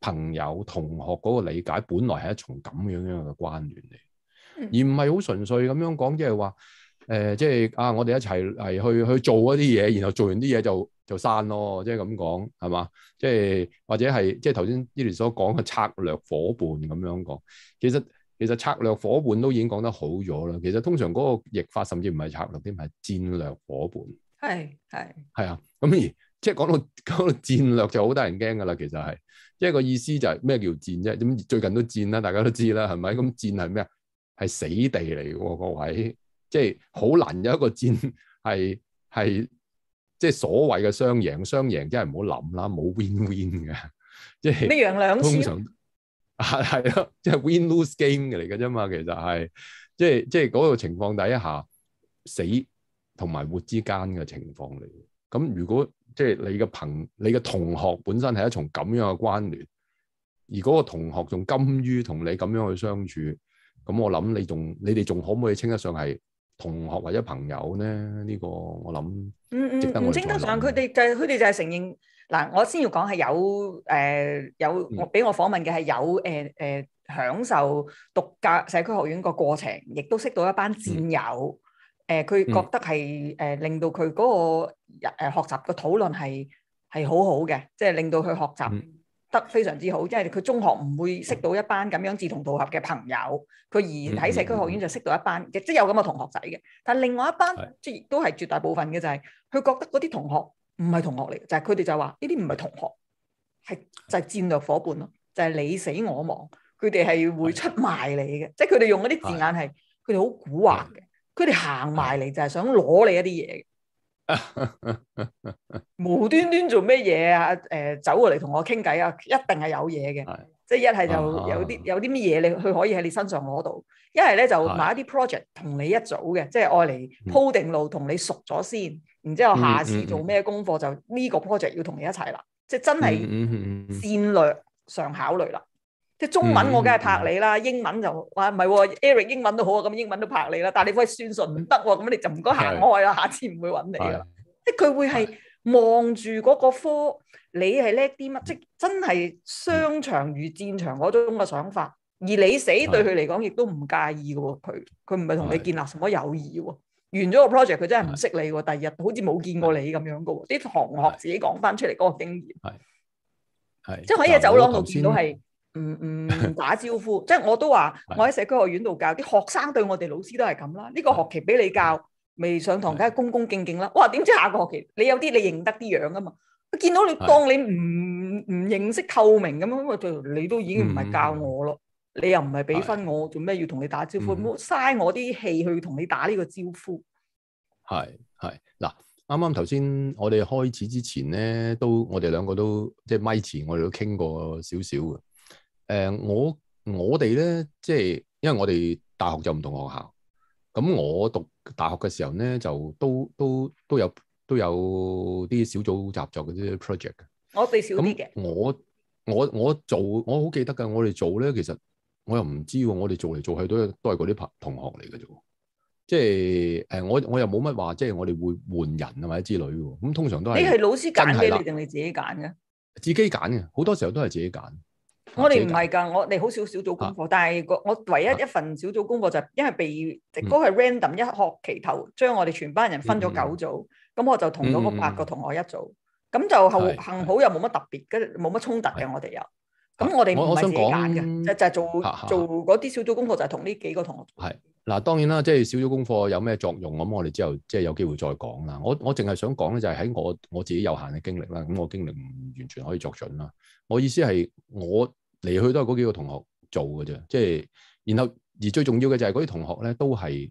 朋友同學嗰個理解，本來係一重咁樣樣嘅關聯嚟，而唔係好純粹咁樣講，即係話。誒、呃，即係啊！我哋一齊係去去做嗰啲嘢，然後做完啲嘢就就散咯。即係咁講，係嘛？即係或者係即係頭先呢段所講嘅策略伙伴咁樣講。其實其實策略伙伴都已經講得好咗啦。其實通常嗰個譯法甚至唔係策略，啲唔係戰略伙伴。係係係啊！咁而即係講到講到戰略就好得人驚噶啦。其實係即係個意思就係、是、咩叫戰啫？咁最近都戰啦，大家都知啦，係咪？咁戰係咩啊？係死地嚟嘅，各位。即係好難有一個戰係係即係所謂嘅雙贏，雙贏即係唔好諗啦，冇 win win 嘅，即係你贏兩輸，通常係係咯，即係 win lose game 嘅嚟嘅啫嘛。其實係即係即係嗰個情況底下，死同埋活之間嘅情況嚟。咁如果即係你嘅朋，你嘅同學本身係一重咁樣嘅關聯，而嗰個同學仲甘於同你咁樣去相處，咁我諗你仲你哋仲可唔可以稱得上係？同學或者朋友呢？呢、這個我諗，嗯嗯，唔稱得上，佢哋就佢、是、哋就係承認嗱。我先要講係有誒、呃、有我俾我訪問嘅係有誒誒、呃呃、享受讀社區學院個過程，亦都識到一班戰友。誒、嗯，佢、呃、覺得係誒、呃、令到佢嗰個誒學習嘅討論係係、嗯、好好嘅，即、就、係、是、令到佢學習。嗯得非常之好，即係佢中學唔會識到一班咁樣志同道合嘅朋友，佢而喺社區學院就識到一班，嗯嗯嗯即係有咁嘅同學仔嘅。但另外一班即係的都係絕大部分嘅就係、是，佢覺得嗰啲同學唔係同學嚟，就係佢哋就話呢啲唔係同學，係就係、是就是、戰略伙伴咯，就係、是、你死我亡，佢哋係會出賣你嘅，的即係佢哋用嗰啲字眼係，佢哋好蠱惑嘅，佢哋行埋嚟就係想攞你一啲嘢嘅。 無端端做咩嘢啊？誒、呃，走過嚟同我傾偈啊，一定係有嘢嘅。是即係一係就有啲、啊、有啲乜嘢，你佢可以喺你身上攞到。一係咧就買一啲 project 同你一組嘅，是即係愛嚟鋪定路，同、嗯、你熟咗先，然之後下次做咩功課、嗯嗯、就呢個 project 要同你一齊啦。即係真係戰略上考慮啦。嗯嗯嗯嗯即係中文，我梗係拍你啦；英文就話唔係喎，Eric 英文都好啊，咁英文都拍你啦。但係你喂算數唔得喎，咁你就唔該行開啦，下次唔會揾你啦。即係佢會係望住嗰個科，你係叻啲乜？即真係商場如戰場嗰種嘅想法。而你死對佢嚟講亦都唔介意嘅喎。佢佢唔係同你建立什麼友誼喎。完咗個 project，佢真係唔識你喎。第二日好似冇見過你咁樣嘅喎。啲同學自己講翻出嚟嗰個經驗，係即係喺嘢走廊度全都係。唔唔、嗯、打招呼，即係我都話我喺社區學院度教啲的學生，對我哋老師都係咁啦。呢、這個學期俾你教，未上堂梗係恭恭敬敬啦。我話點知下個學期你有啲你認得啲樣噶嘛？見到你當你唔唔的認識透明咁樣，咪就你都已經唔係教我咯，的你又唔係俾分我，做咩的要同你打招呼？唔好嘥我啲氣去同你打呢個招呼。係係嗱，啱啱頭先我哋開始之前咧，都我哋兩個都即係咪前我哋都傾過少少嘅。誒，我我哋咧，即係因為我哋大學就唔同學校，咁我讀大學嘅時候咧，就都都都有都有啲小組合作嗰啲 project 嘅。我比較少啲嘅。我我我做，我好記得噶，我哋做咧，其實我又唔知，我哋做嚟做去都都係嗰啲同學嚟嘅啫。即係誒，我我又冇乜話，即係我哋會換人啊或者之類。咁通常都係。你係老師揀定你自己揀嘅？自己揀嘅，好多時候都係自己揀。我哋唔係噶，我哋好少小組功課，啊、但係個我唯一一份小組功課就係因為被哥係 random 一學期頭將我哋全班人分咗九組，咁、嗯、我就同咗個八個同學一組，咁、嗯、就幸幸好又冇乜特別，跟冇乜衝突嘅我哋又，咁是我哋唔係自己揀嘅，就就做做嗰啲小組功課就係同呢幾個同學做。係嗱，當然啦，即、就、係、是、小組功課有咩作用，咁我哋之後即係、就是、有機會再講啦。我我淨係想講咧，就係喺我我自己有限嘅經歷啦，咁我經歷唔完全可以作準啦。我意思係我。嚟去都係嗰幾個同學做嘅啫，即、就、係、是、然後而最重要嘅就係嗰啲同學咧，都係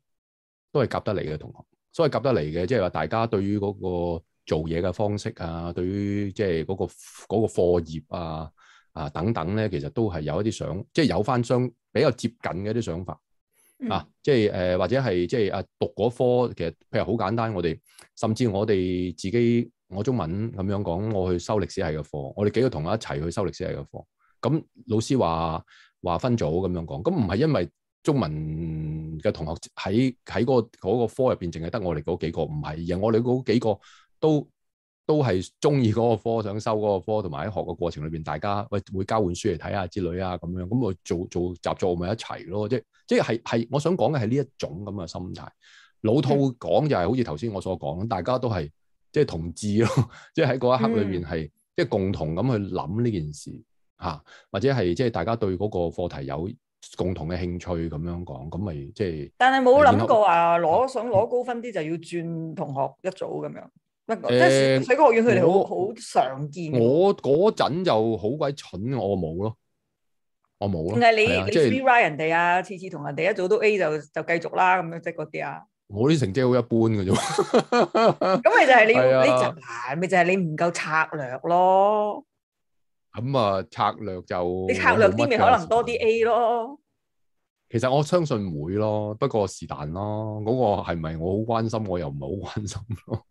都係夾得嚟嘅同學，所謂夾得嚟嘅即係話大家對於嗰個做嘢嘅方式啊，對於即係嗰個嗰、那個課業啊啊等等咧，其實都係有一啲想即係、就是、有翻相比較接近嘅一啲想法、嗯、啊，即係誒或者係即係啊讀嗰科其實譬如好簡單，我哋甚至我哋自己我中文咁樣講，我去修歷史系嘅課，我哋幾個同學一齊去修歷史系嘅課。咁老師話話分組咁樣講，咁唔係因為中文嘅同學喺喺嗰嗰個科入邊，淨係得我哋嗰幾個唔係嘅。我哋嗰幾個都都係中意嗰個科，想修嗰個科，同埋喺學嘅過程裏邊，大家喂會交換書嚟睇下之類啊咁樣，咁我做做習作咪一齊咯，即即係係我想講嘅係呢一種咁嘅心態。老套講就係好似頭先我所講，大家都係即係同志咯，即係喺嗰一刻裏邊係即係共同咁去諗呢件事。吓、啊，或者係即係大家對嗰個課題有共同嘅興趣咁樣講，咁咪即係。但係冇諗過啊。攞、嗯、想攞高分啲就要轉同學一組咁樣，即係、欸、水課學院佢哋好好常見我。我嗰陣就好鬼蠢，我冇咯，我冇咯。唔係你你 free ride 人哋啊，就是、次次同人哋一組都 A 就就繼續啦，咁樣即係嗰啲啊。我啲成績好一般嘅啫，咁咪就係你你就難，咪就係你唔夠策略咯。咁啊、嗯，策略就你策略啲咪可能多啲 A 咯。其實我相信會咯，不過是但咯。嗰、那個係咪我好關心，我又唔係好關心咯。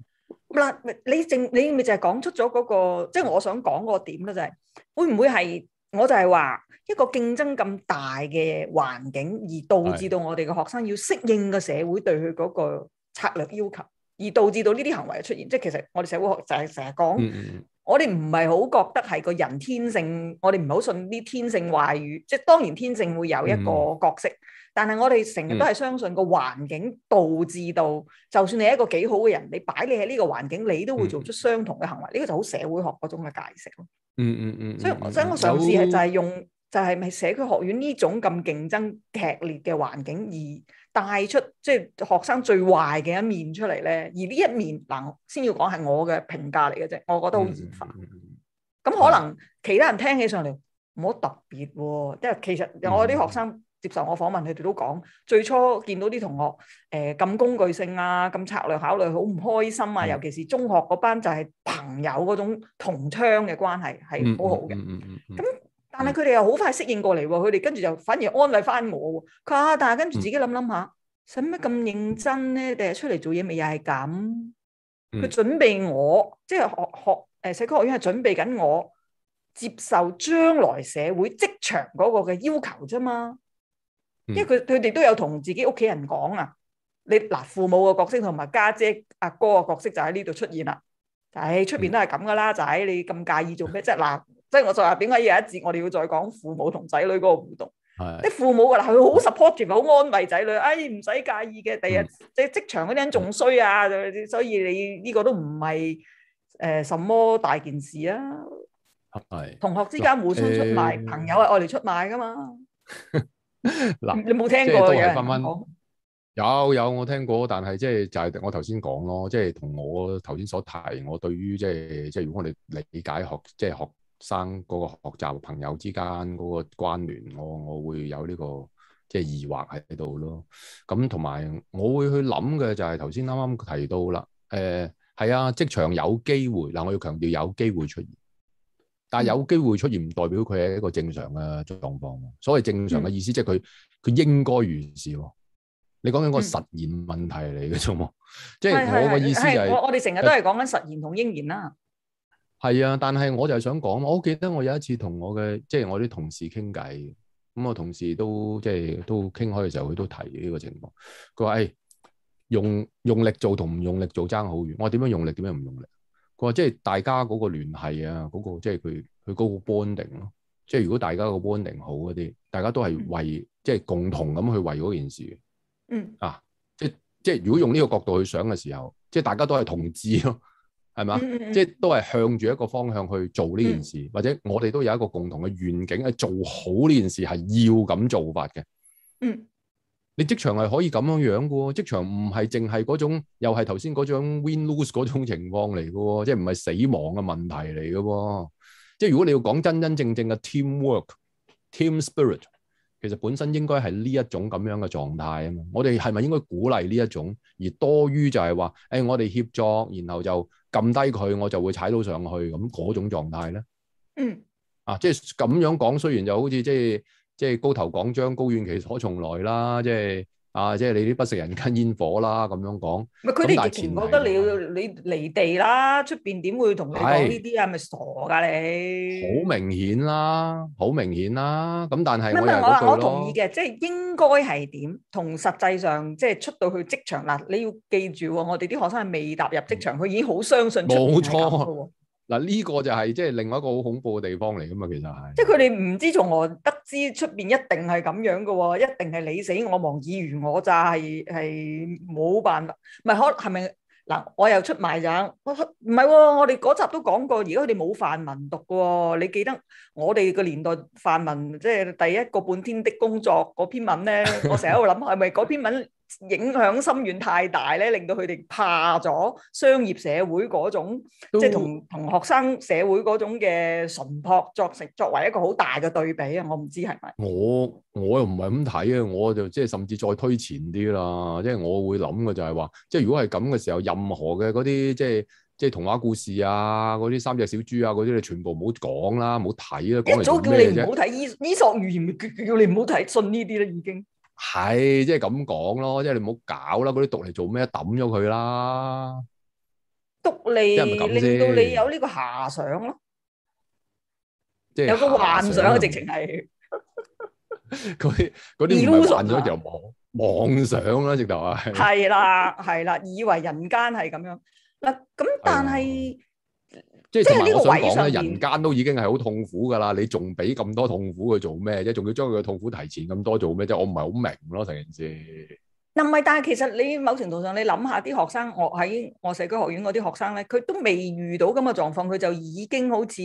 嗱，你淨你咪就係講出咗嗰、那個，即、就、係、是、我想講個點咧、就是，就係會唔會係？我就係話一個競爭咁大嘅環境，而導致到我哋嘅學生要適應個社會對佢嗰個策略要求，而導致到呢啲行為嘅出現。即、就、係、是、其實我哋社會學就係成日講。嗯嗯我哋唔係好覺得係個人天性，我哋唔係好信啲天性話語，即係當然天性會有一個角色，嗯、但係我哋成日都係相信個環境導致到，就算你係一個幾好嘅人，你擺你喺呢個環境，你都會做出相同嘅行為，呢、嗯、個就好社會學嗰種嘅解釋咯、嗯。嗯嗯嗯。所以，所以我想上次係就係用。就係咪社區學院呢種咁競爭劇烈嘅環境而帶出即係、就是、學生最壞嘅一面出嚟咧？而呢一面嗱，先要講係我嘅評價嚟嘅啫，我覺得好嚴謹。咁、嗯嗯嗯、可能其他人聽起上嚟唔好特別喎、啊，即係其實我啲學生接受我訪問，佢哋、嗯、都講最初見到啲同學誒咁、呃、工具性啊，咁策略考慮好唔開心啊。尤其是中學嗰班就係朋友嗰種同窗嘅關係係好好嘅，咁、嗯。嗯嗯嗯嗯嗯嗯但係佢哋又好快適應過嚟喎，佢哋跟住就反而安慰翻我。佢話：但係跟住自己諗諗下，使乜咁認真咧？第日出嚟做嘢咪又係咁？佢、嗯、準備我，即、就、係、是、學學誒社區學院係準備緊我接受將來社會職場嗰個嘅要求啫嘛。因為佢佢哋都有同自己屋企人講啊。你嗱父母嘅角色同埋家姐阿、啊、哥嘅角色就喺呢度出現啦。誒出邊都係咁噶啦，嗯、仔你咁介意做咩啫？嗱、嗯。就是啊。即係我再話點解有一節我哋要再講父母同仔女嗰個互動，啲父母嗱佢好 supportive，好安慰仔女，哎唔使介意嘅，第日即係職場嗰啲人仲衰啊，所以你呢個都唔係誒什麼大件事啊。係同學之間互相出賣，朋友係愛嚟出賣㗎嘛。嗱，你冇聽過嘅？有有我聽過，但係即係就係我頭先講咯，即係同我頭先所提，我對於即係即係如果我哋理解學即係學。生嗰個學習朋友之間嗰個關聯，我我會有呢、這個即係疑惑喺度咯。咁同埋我會去諗嘅就係頭先啱啱提到啦。誒、欸，係啊，職場有機會嗱，我要強調有機會出現，但係有機會出現唔代表佢係一個正常嘅狀況。所謂正常嘅意思，嗯、即係佢佢應該如是。你講緊個實現問題嚟嘅啫嘛？嗯、即係我嘅意思就係、是、我哋成日都係講緊實現同應然啦。係啊，但係我就係想講，我記得我有一次同我嘅即係我啲同事傾偈，咁、嗯、我同事都即係都傾開嘅時候，佢都提呢個情況。佢話：誒、欸、用用力做同唔用力做爭好遠。我點樣用力？點樣唔用力？佢話、啊那個：即係大家嗰個聯繫啊，嗰個即係佢佢嗰個 bonding 咯。即係如果大家個 bonding 好嗰啲，大家都係為即係、嗯、共同咁去為嗰件事。嗯。啊，嗯、即即係如果用呢個角度去想嘅時候，即係大家都係同志咯、啊。係嘛？即係都係向住一個方向去做呢件事，嗯、或者我哋都有一個共同嘅願景，係做好呢件事係要咁做法嘅。嗯，你職場係可以咁樣樣嘅、哦，職場唔係淨係嗰種，又係頭先嗰種 win lose 嗰種情況嚟嘅，即係唔係死亡嘅問題嚟嘅、哦。即係如果你要講真真正正嘅 teamwork，team spirit。其實本身應該係呢一種咁樣嘅狀態啊嘛，我哋係咪應該鼓勵呢一種，而多於就係話，誒、哎、我哋協助，然後就撳低佢，我就會踩到上去咁嗰種狀態咧？嗯，啊，即係咁樣講，雖然就好似即係即係高頭講張高遠，其所從來啦，即係。啊！即係你啲不食人間煙火啦，咁樣講。係佢哋完全唔覺得你吧你離地啦，出邊點會同你講呢啲啊？咪傻㗎你！好明顯啦，好明顯啦。咁但係我我同意嘅，即係應該係點？同實際上，即係出到去職場喇，你要記住，我哋啲學生係未踏入職場，佢、嗯、已經好相信出邊。冇錯。嗱，呢個就係，即係另外一個好恐怖嘅地方嚟噶嘛，其實係即係佢哋唔知從何得知出面一定係咁樣噶喎，哦，一定係你死我亡爾虞我詐，就是，係係冇辦法，咪可係咪嗱我又出埋咋？唔係喎，我哋嗰集都講過，而家佢哋冇泛民讀噶喎，哦，你記得我哋個年代泛民即係，就是，第一個半天的工作嗰篇文咧，我成日喺度諗係咪嗰篇文。影響深遠太大咧，令到佢哋怕咗商業社會嗰種，都即係同同學生社會嗰種嘅淳樸，作成作為一個好大嘅對比啊！我唔知係咪？我我又唔係咁睇啊！我就即係甚至再推前啲啦，即係我會諗嘅就係話，即係如果係咁嘅時候，任何嘅嗰啲即係即係童話故事啊，嗰啲三隻小豬啊，嗰啲你全部唔好講啦，唔好睇啦。一早叫你唔好睇伊伊索寓言，叫你叫你唔好睇，信呢啲啦已經。係，即係咁講咯，即係你唔好搞啦，嗰啲毒嚟做咩？抌咗佢啦，毒嚟獨離 令到你有呢個遐想咯，即係有個幻想，嘅、啊、直情係。佢 啲 幻想，就妄、啊、妄想啦，直頭啊，係啦係啦，以為人間係咁樣嗱，咁但係。即係，同埋我想講咧，人間都已經係好痛苦㗎啦，你仲俾咁多痛苦去做咩啫？仲要將佢嘅痛苦提前咁多做咩啫？我唔係好明咯，成件事。嗱，唔係，但係其實你某程度上，你諗下啲學生，我喺我社區學院嗰啲學生咧，佢都未遇到咁嘅狀況，佢就已經好似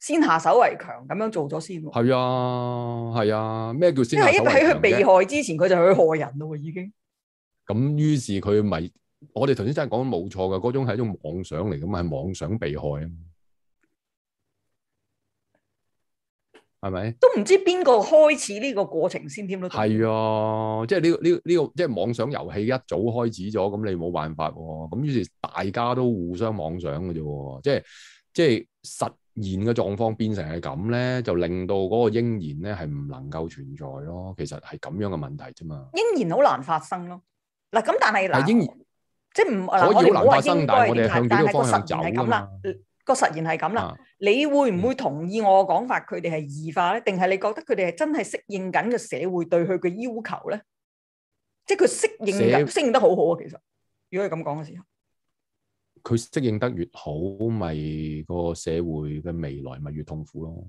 先下手為強咁樣做咗先。係啊，係啊，咩叫先？因為喺佢被害之前，佢就去害人咯，已經。咁於是佢咪？我哋頭先真係講冇錯噶，嗰種係一種妄想嚟噶嘛，係妄想被害啊，係咪？都唔知邊個開始呢個過程先添咯。係啊，即係呢、呢個呢呢、呢個呢個，即係妄想遊戲一早開始咗，咁你冇辦法喎、哦。咁於是大家都互相妄想嘅啫、哦，即係即係實現嘅狀況變成係咁咧，就令到嗰個應然咧係唔能夠存在咯。其實係咁樣嘅問題啫嘛。應然好難發生咯。嗱咁，但係嗱。即係唔，嗱，我哋唔係應該，但係個實現係咁啦，個實現係咁啦。你會唔會同意我嘅講法？佢哋係異化咧，定係你覺得佢哋係真係適應緊個社會對佢嘅要求咧？即係佢適應適應得好好啊！其實，如果係咁講嘅時候，佢適應得越好，咪個社會嘅未來咪越痛苦咯。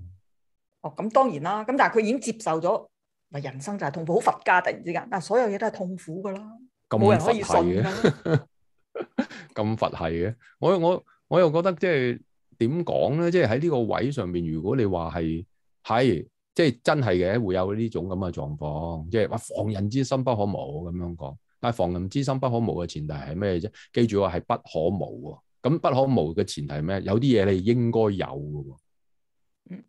哦，咁當然啦。咁但係佢已經接受咗，嗱，人生就係痛苦，好佛家突然之間，但係，所有嘢都係痛苦噶啦，冇人可以受噶。咁佛系嘅，我我我又覺得即係點講咧，即係喺呢個位上面，如果你話係係即係真係嘅會有呢種咁嘅狀況，即係話防人之心不可無咁樣講。但係防人之心不可無嘅前提係咩啫？記住話係不可無，咁不可無嘅前提係咩？有啲嘢你應該有嘅，嗯，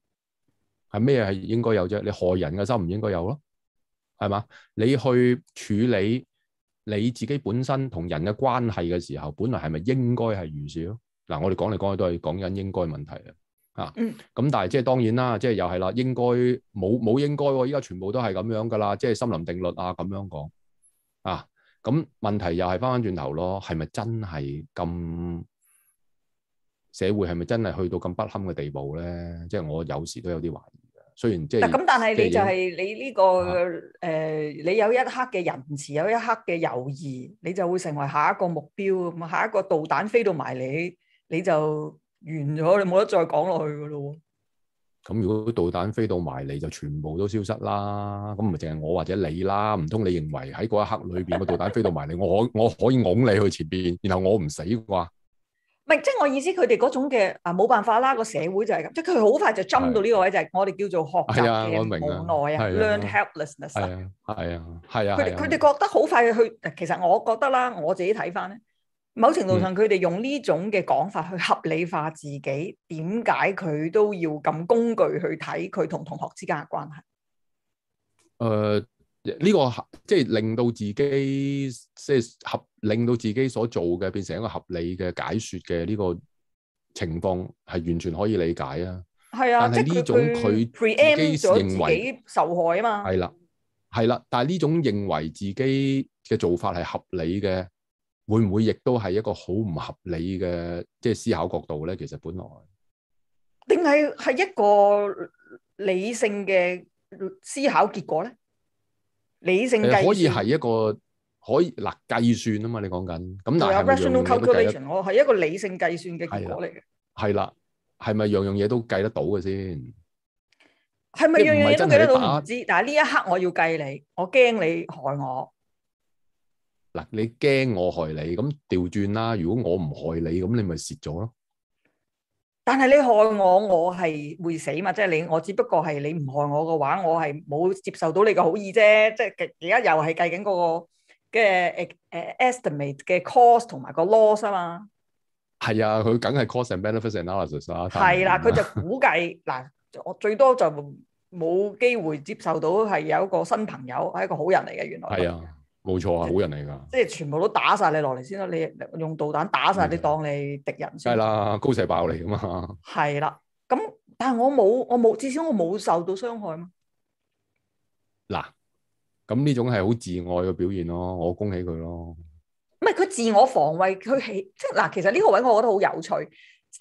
係咩係應該有啫？你害人嘅心唔應該有咯，係嘛？你去處理。你自己本身同人嘅關係嘅時候，本來係咪應該係如是？嗱、啊，我哋講嚟講去都係講緊應該問題啊。啊，咁但係即係當然啦，即係又係啦，應該冇冇應該、哦，依家全部都係咁樣噶啦，即係森林定律啊咁樣講啊。咁、嗯、問題又係翻翻轉頭咯，係咪真係咁社會係咪真係去到咁不堪嘅地步咧？即係我有時都有啲懷疑。雖然即係，咁，但係你就係你呢個誒，你有一刻嘅仁慈，有一刻嘅猶豫，你就會成為下一個目標，咪下一個導彈飛到埋你，你就完咗，你冇得再講落去噶咯。咁、啊、如果導彈飛到埋你，就全部都消失啦。咁咪淨係我或者你啦。唔通你認為喺嗰一刻裏邊個導彈飛到埋你，我可我可以拱你去前邊，然後我唔死啩？唔係，即係我意思，佢哋嗰種嘅啊冇辦法啦，個社會就係咁，即係佢好快就針、啊、到呢個位，就係我哋叫做學習嘅無奈啊 learned helplessness 啦，係、哎、啊，係啊，佢哋佢哋覺得好快去，其實我覺得啦，我自己睇翻咧，某程度上佢哋用呢種嘅講法去合理化自己，點解佢都要咁工具去睇佢同同學之間嘅關係。誒、呃。呢、這個即係、就是、令到自己即係合，令到自己所做嘅變成一個合理嘅解說嘅呢個情況，係完全可以理解啊。係啊，但係呢種佢自己，自己認為受害啊嘛，係啦係啦。但係呢種認為自己嘅做法係合理嘅，會唔會亦都係一個好唔合理嘅即係思考角度咧？其實本來，定係係一個理性嘅思考結果咧？理性可以係一個可以嗱計算啊嘛，你講緊咁，但 rational calculation，我係一個理性計算嘅結果嚟嘅。係啦，係咪樣樣嘢都計得到嘅先？係咪樣樣嘢都計得到？唔打知，但係呢一刻我要計你，我驚你害我。嗱，你驚我害你，咁調轉啦。如果我唔害你，咁你咪蝕咗咯。但係你害我，我係會死嘛？即係你，我只不過係你唔害我嘅話，我係冇接受到你嘅好意啫。即係而家又係計緊嗰個嘅誒誒 estimate 嘅 cost 同埋個 loss 啊嘛。係啊，佢梗係 cost benefit analysis 啦，啊。係啦，啊，佢就估計嗱， 我最多就冇機會接受到係有一個新朋友係一個好人嚟嘅，原來，係啊。冇錯啊，好人嚟噶，即係全部都打晒你落嚟先啦。你用導彈打晒你當你敵人，係啦，高射炮嚟噶嘛，係啦。咁但係我冇，我冇，至少我冇受到傷害嘛。嗱，咁呢種係好自愛嘅表現咯，我恭喜佢咯。唔係佢自我防衛，佢起即係嗱。其實呢個位我覺得好有趣，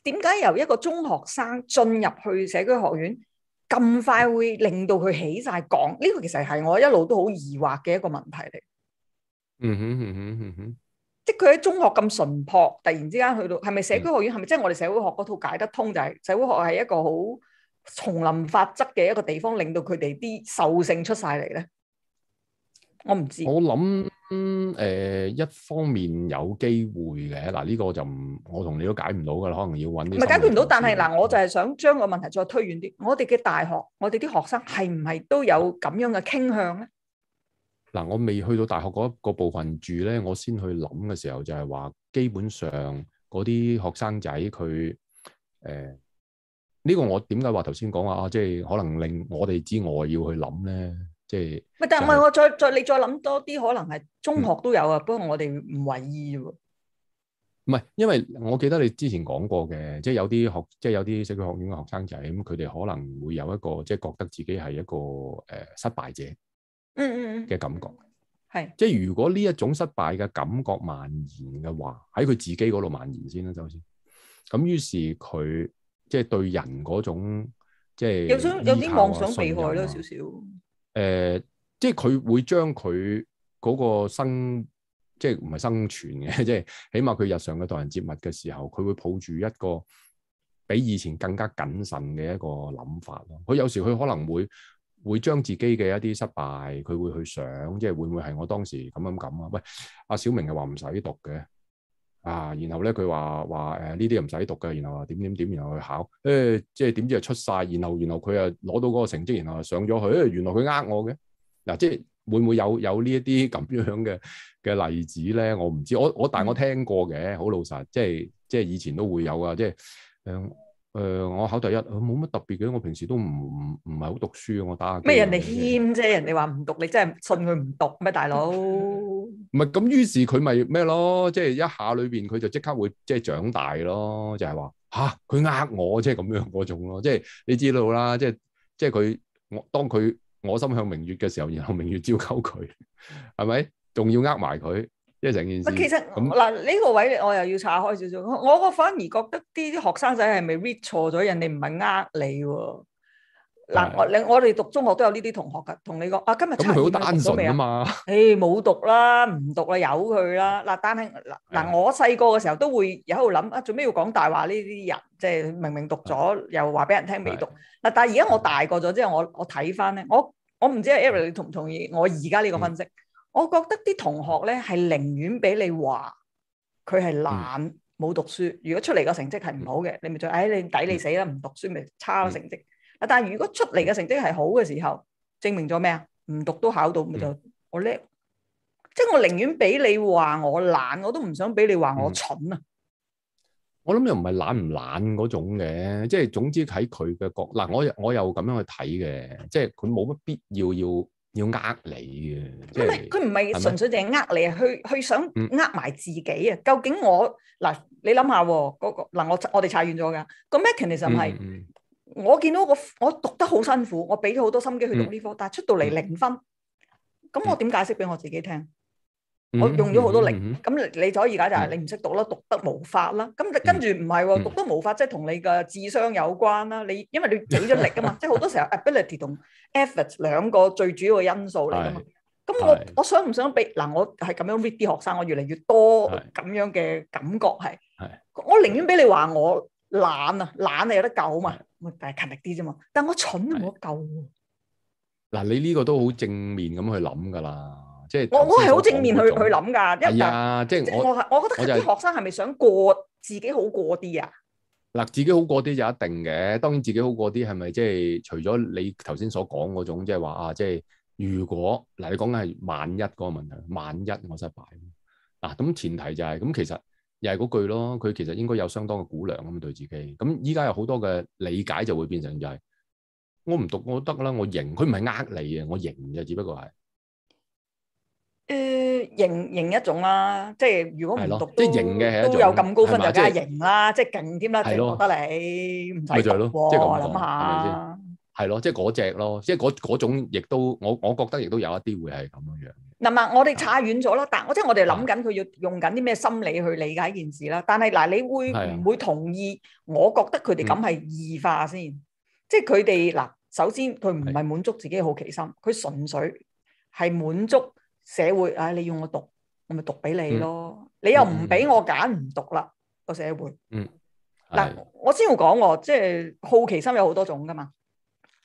點解由一個中學生進入去社區學院咁快，會令到佢起晒槓呢、這個？其實係我一路都好疑惑嘅一個問題嚟。嗯哼嗯哼嗯哼，嗯哼嗯哼，即係佢喺中學咁純樸，突然之間去到，係咪社區學院？係咪即係我哋社會學嗰套解得通？就係、是、社會學係一個好叢林法則嘅一個地方，令到佢哋啲獸性出晒嚟咧。我唔知，我諗誒、呃，一方面有機會嘅嗱，呢、這個就唔，我同你都解唔到噶啦，可能要搵啲唔係解決唔到，但係嗱，我就係想將個問題再推遠啲。我哋嘅大學，我哋啲學生係唔係都有咁樣嘅傾向咧？嗱，我未去到大學嗰個部分住咧，我先去諗嘅時候就係話，基本上嗰啲學生仔佢誒呢個我點解話頭先講話，即係、啊即係、可能令我哋之外要去諗咧，即係。唔係，但係我再再你再諗多啲，可能係中學都有啊。嗯、不過我哋唔為意喎。唔係，因為我記得你之前講過嘅，即係有啲學，即係有啲社區學院嘅學生仔，咁佢哋可能會有一個即係覺得自己係一個誒失敗者。嗯嗯嘅感覺係，是即係如果呢一種失敗嘅感覺蔓延嘅話，喺佢自己嗰度蔓延先啦，首先咁於、嗯、是佢即係對人嗰種即係、啊、有少有啲妄想被害咯，少少誒、呃，即係佢會將佢嗰個生即係唔係生存嘅，即係起碼佢日常嘅待人接物嘅時候，佢會抱住一個比以前更加謹慎嘅一個諗法咯。佢有時佢可能會。會將自己嘅一啲失敗，佢會去想，即係會唔會係我當時咁樣咁啊？喂，阿小明又話唔使讀嘅啊，然後咧佢話話誒呢啲又唔使讀嘅，然後話點點點，然後去考誒、哎，即係點知又出晒。然後然後佢又攞到嗰個成績，然後，然後上咗去、哎，原來佢呃我嘅嗱、啊，即係會唔會有有呢一啲咁樣嘅嘅例子咧？我唔知，我我但係我聽過嘅，好老實，即係即係以前都會有啊，即係誒。嗯誒、呃，我考第一，我冇乜特別嘅，我平時都唔唔唔係好讀書，我打咩人哋謙啫， 人哋話唔讀，你真係信佢唔讀咩大佬？唔係咁，於是佢咪咩咯？即係一下裏邊佢就即刻會即係長大咯，就係話吓佢呃我即係咁樣嗰種咯，即係你知道啦，即係即係佢我當佢我心向明月嘅時候，然後明月照溝佢，係咪仲要呃埋佢？即其實嗱呢個位我又要拆開少少，我我反而覺得啲啲學生仔係咪 read 錯咗？人哋唔係呃你喎。嗱，你我哋讀中學都有呢啲同學噶，同你講啊，今日咁佢好單純啊嘛。誒，冇讀啦，唔讀啦，由佢啦。嗱，單聽嗱嗱，我細個嘅時候都會喺度諗啊，做咩要講大話呢？啲人即係明明讀咗，又話俾人聽未讀。嗱，但係而家我大個咗之後，我我睇翻咧，我我唔知 Eric 同唔同意我而家呢個分析。我覺得啲同學咧係寧願俾你話佢係懶冇讀書。如果出嚟個成績係唔好嘅，你咪再誒你抵你死啦，唔讀書咪差咗成績。啊！但係如果出嚟嘅成績係好嘅時候，證明咗咩啊？唔讀都考到，咪就我叻。即係我寧願俾你話我懶，我都唔想俾你話我蠢啊！我諗又唔係懶唔懶嗰種嘅，即係總之喺佢嘅角。嗱，我我又咁樣去睇嘅，即係佢冇乜必要要要呃你啊，即係佢唔係純粹淨係呃你啊，去去想呃埋自己啊。嗯、究竟我嗱，你諗下嗰、個嗱，我我哋踩遠咗噶個 mechanism 唔係，嗯嗯我見到個我，我讀得好辛苦，我俾咗好多心機去讀呢科，嗯、但係出到嚟零分。咁、嗯、我點解釋俾我自己聽？我用咗好多力，咁你就可以解就係你唔識讀啦，讀得冇法啦。咁就跟住唔係喎，讀得冇法，即係同你嘅智商有關啦。你因為你俾咗力啊嘛，即係好多時候 ability 同 effort 兩個最主要嘅因素嚟噶嘛。咁我我想唔想俾嗱？我係咁樣 read 啲學生，我越嚟越多咁樣嘅感覺係，我寧願俾你話我懶啊，懶係有得救啊嘛，但係勤力啲啫嘛。但我蠢啊，冇得救。嗱，你呢個都好正面咁去諗噶啦。即係我我係好正面去去諗噶，因為即係我我覺得啲學生係咪想過自己好過啲啊？嗱，自己好過啲就一定嘅，當然自己好過啲係咪即係除咗你頭先所講嗰種，即係話啊，即係如果嗱，你講緊係萬一嗰個問題，萬一我失敗，嗱，咁前提就係咁，其實又係嗰句咯，佢其實應該有相當嘅估量咁對自己。咁依家有好多嘅理解就會變成就係我唔讀我得啦，我贏，佢唔係呃你啊，我贏嘅，只不過係。誒型型一種啦，即係如果唔讀都都有咁高分，就梗係型啦，即係勁添啦，正覺得你咪就係咯，即係我諗下，係咯，即係嗰隻咯，即係嗰嗰種，亦都我我覺得亦都有一啲會係咁樣樣。嗱，唔，我哋差遠咗啦，但係我即係我哋諗緊佢要用緊啲咩心理去理解一件事啦。但係嗱，你會唔會同意？我覺得佢哋咁係異化先，即係佢哋嗱，首先佢唔係滿足自己嘅好奇心，佢純粹係滿足。社會，唉，你要我讀，我咪讀俾你咯。你又唔俾我揀，唔讀啦個社會。嗯，嗱，我先要講喎，即係好奇心有好多種噶嘛。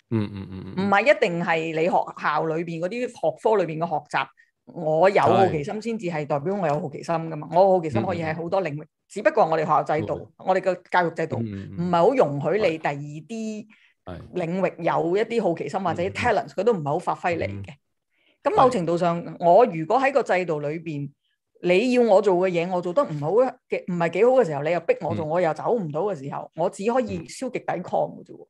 嗯嗯嗯，唔係一定係你學校裏邊嗰啲學科裏邊嘅學習，我有好奇心先至係代表我有好奇心噶嘛。我好奇心可以喺好多領域，只不過我哋學校制度，我哋嘅教育制度唔係好容許你第二啲領域有一啲好奇心或者 talent，佢都唔係好發揮你嘅。咁某程度上，我如果喺個制度裏邊，你要我做嘅嘢，我做得唔好嘅，唔係幾好嘅時候，你又逼我做，嗯、我又走唔到嘅時候，我只可以消極抵抗嘅啫喎。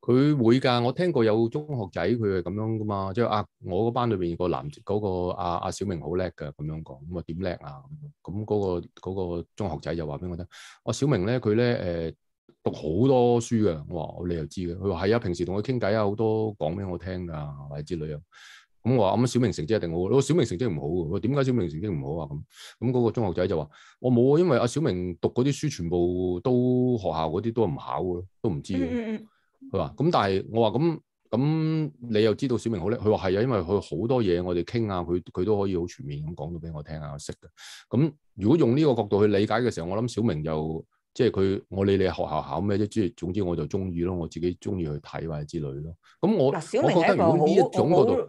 佢會㗎，我聽過有中學仔佢係咁樣噶嘛，即係啊，我嗰班裏邊個男嗰個阿阿小明好叻嘅咁樣講，咁啊點叻啊？咁嗰個中學仔又話俾我聽、那個啊嗯那個那個，我小明咧佢咧誒。讀好多書嘅，我話你又知嘅，佢話係啊，平時同佢傾偈啊，好多講俾我聽噶，或者之類啊。咁、嗯、我話咁小明成績一定好咯，小明成績唔好嘅，點解小明成績唔好啊？咁咁嗰個中學仔就話我冇啊，因為阿小明讀嗰啲書全部都學校嗰啲都唔考嘅，都唔知嘅。佢話咁，但係我話咁咁，你又知道小明好叻，佢話係啊，因為佢好多嘢我哋傾啊，佢佢都可以好全面咁講到俾我聽啊，我識嘅。咁、嗯、如果用呢個角度去理解嘅時候，我諗小明又。即係佢，我理你學校考咩啫？即係總之，我就中意咯，我自己中意去睇或者之類咯。咁我我覺得如果呢一種角度，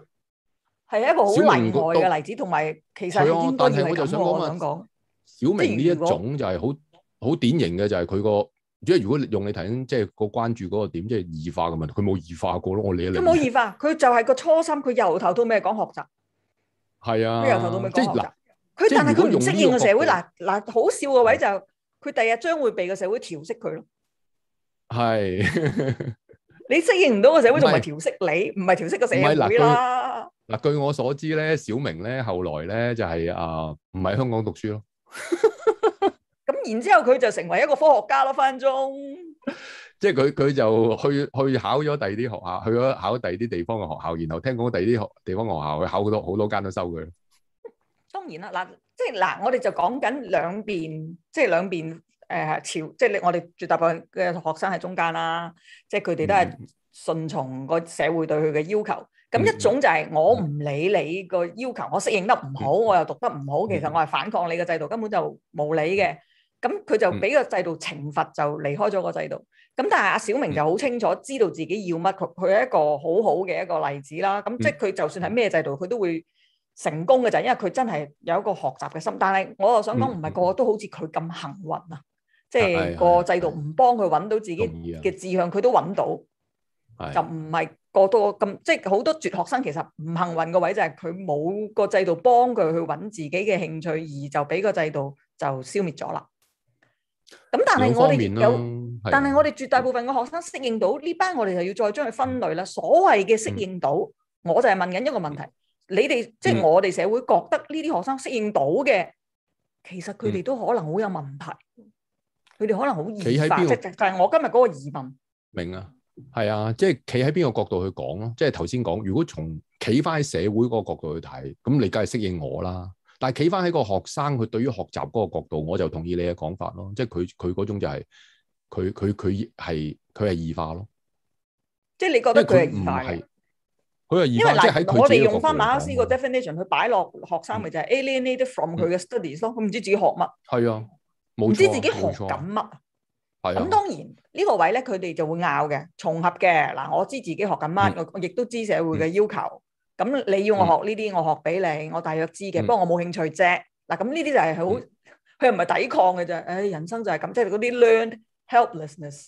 係一個小明嘅例子，同埋其實但係我就想講啊，小明呢一種就係好好典型嘅，就係佢個即係如果用你睇，即係個關注嗰個點，即係異化嘅問題，佢冇異化過咯。我理你佢冇異化，佢就係個初心，佢由頭到尾講學習，係啊，由頭到尾講學習。佢但係佢唔適應個社會。嗱嗱，好笑個位就。佢第日將會被個社會調適佢咯，係是。 你適應唔到個社會，仲唔係調適你？唔係是調適個社會啦。嗱，據我所知咧，小明咧後來咧就係、是、啊，唔、呃、喺香港讀書咯。咁 然之後佢就成為一個科學家咯，反正。即係佢佢就去去考咗第二啲學校，去咗考第二啲地方嘅學校，然後聽講第二啲學地方學校，佢考好多好多間都收佢。當然啦，嗱，即係嗱，我哋就講緊兩邊，即係兩邊誒朝、呃，即係你我哋絕大部分嘅學生喺中間啦，即係佢哋都係順從個社會對佢嘅要求。咁一種就係我唔理你個要求，我適應得唔好，我又讀得唔好，其實我係反抗你嘅制度，根本就冇理嘅。咁佢就俾個制度懲罰，就離開咗個制度。咁但係阿小明就好清楚知道自己要乜，佢佢係一個好好嘅一個例子啦。咁即係佢就算係咩制度，佢都會，成功嘅就係因為佢真係有一個學習嘅心，但係我又想講，唔係個個都好似佢咁幸運啊，即係、嗯、個制度唔幫佢揾到自己嘅志向，佢都揾到，就唔係過多咁，即係好多絕學生其實唔幸運嘅位就係佢冇個制度幫佢去揾自己嘅興趣，而就俾個制度就消滅咗啦。咁但係我哋有，但係我哋絕大部分嘅學生適應到呢的班，我哋就要再將佢分類啦。所謂嘅適應到，嗯、我就係問緊一個問題。你哋即係我哋社會覺得呢啲學生適應到嘅，嗯、其實佢哋都可能好有問題，佢哋、嗯、可能好異化。企喺邊？但係、就是就是、我今日嗰個疑問，明啊，係啊，即係企喺邊個角度去講咯？即係頭先講，如果從企翻喺社會嗰個角度去睇，咁你梗係適應我啦。但係企翻喺個學生佢對於學習嗰個角度，我就同意你嘅講法咯。即係佢佢嗰種就係佢佢佢係佢係異化咯。即係你覺得佢係異化？因為嗱，我哋用翻馬克思個 definition 去擺落學生咪就係 alienated from 佢嘅 studies 咯，佢唔知自己學乜，係啊，唔知自己學緊乜，係咁當然呢個位咧，佢哋就會拗，嘅，重合嘅。嗱，我知自己學緊乜，我亦都知社會嘅要求。咁你要我學呢啲，我學俾你，我大約知嘅，不過我冇興趣啫。嗱，咁呢啲就係好，佢又唔係抵抗嘅啫。唉，人生就係咁，即係嗰啲 learned helplessness。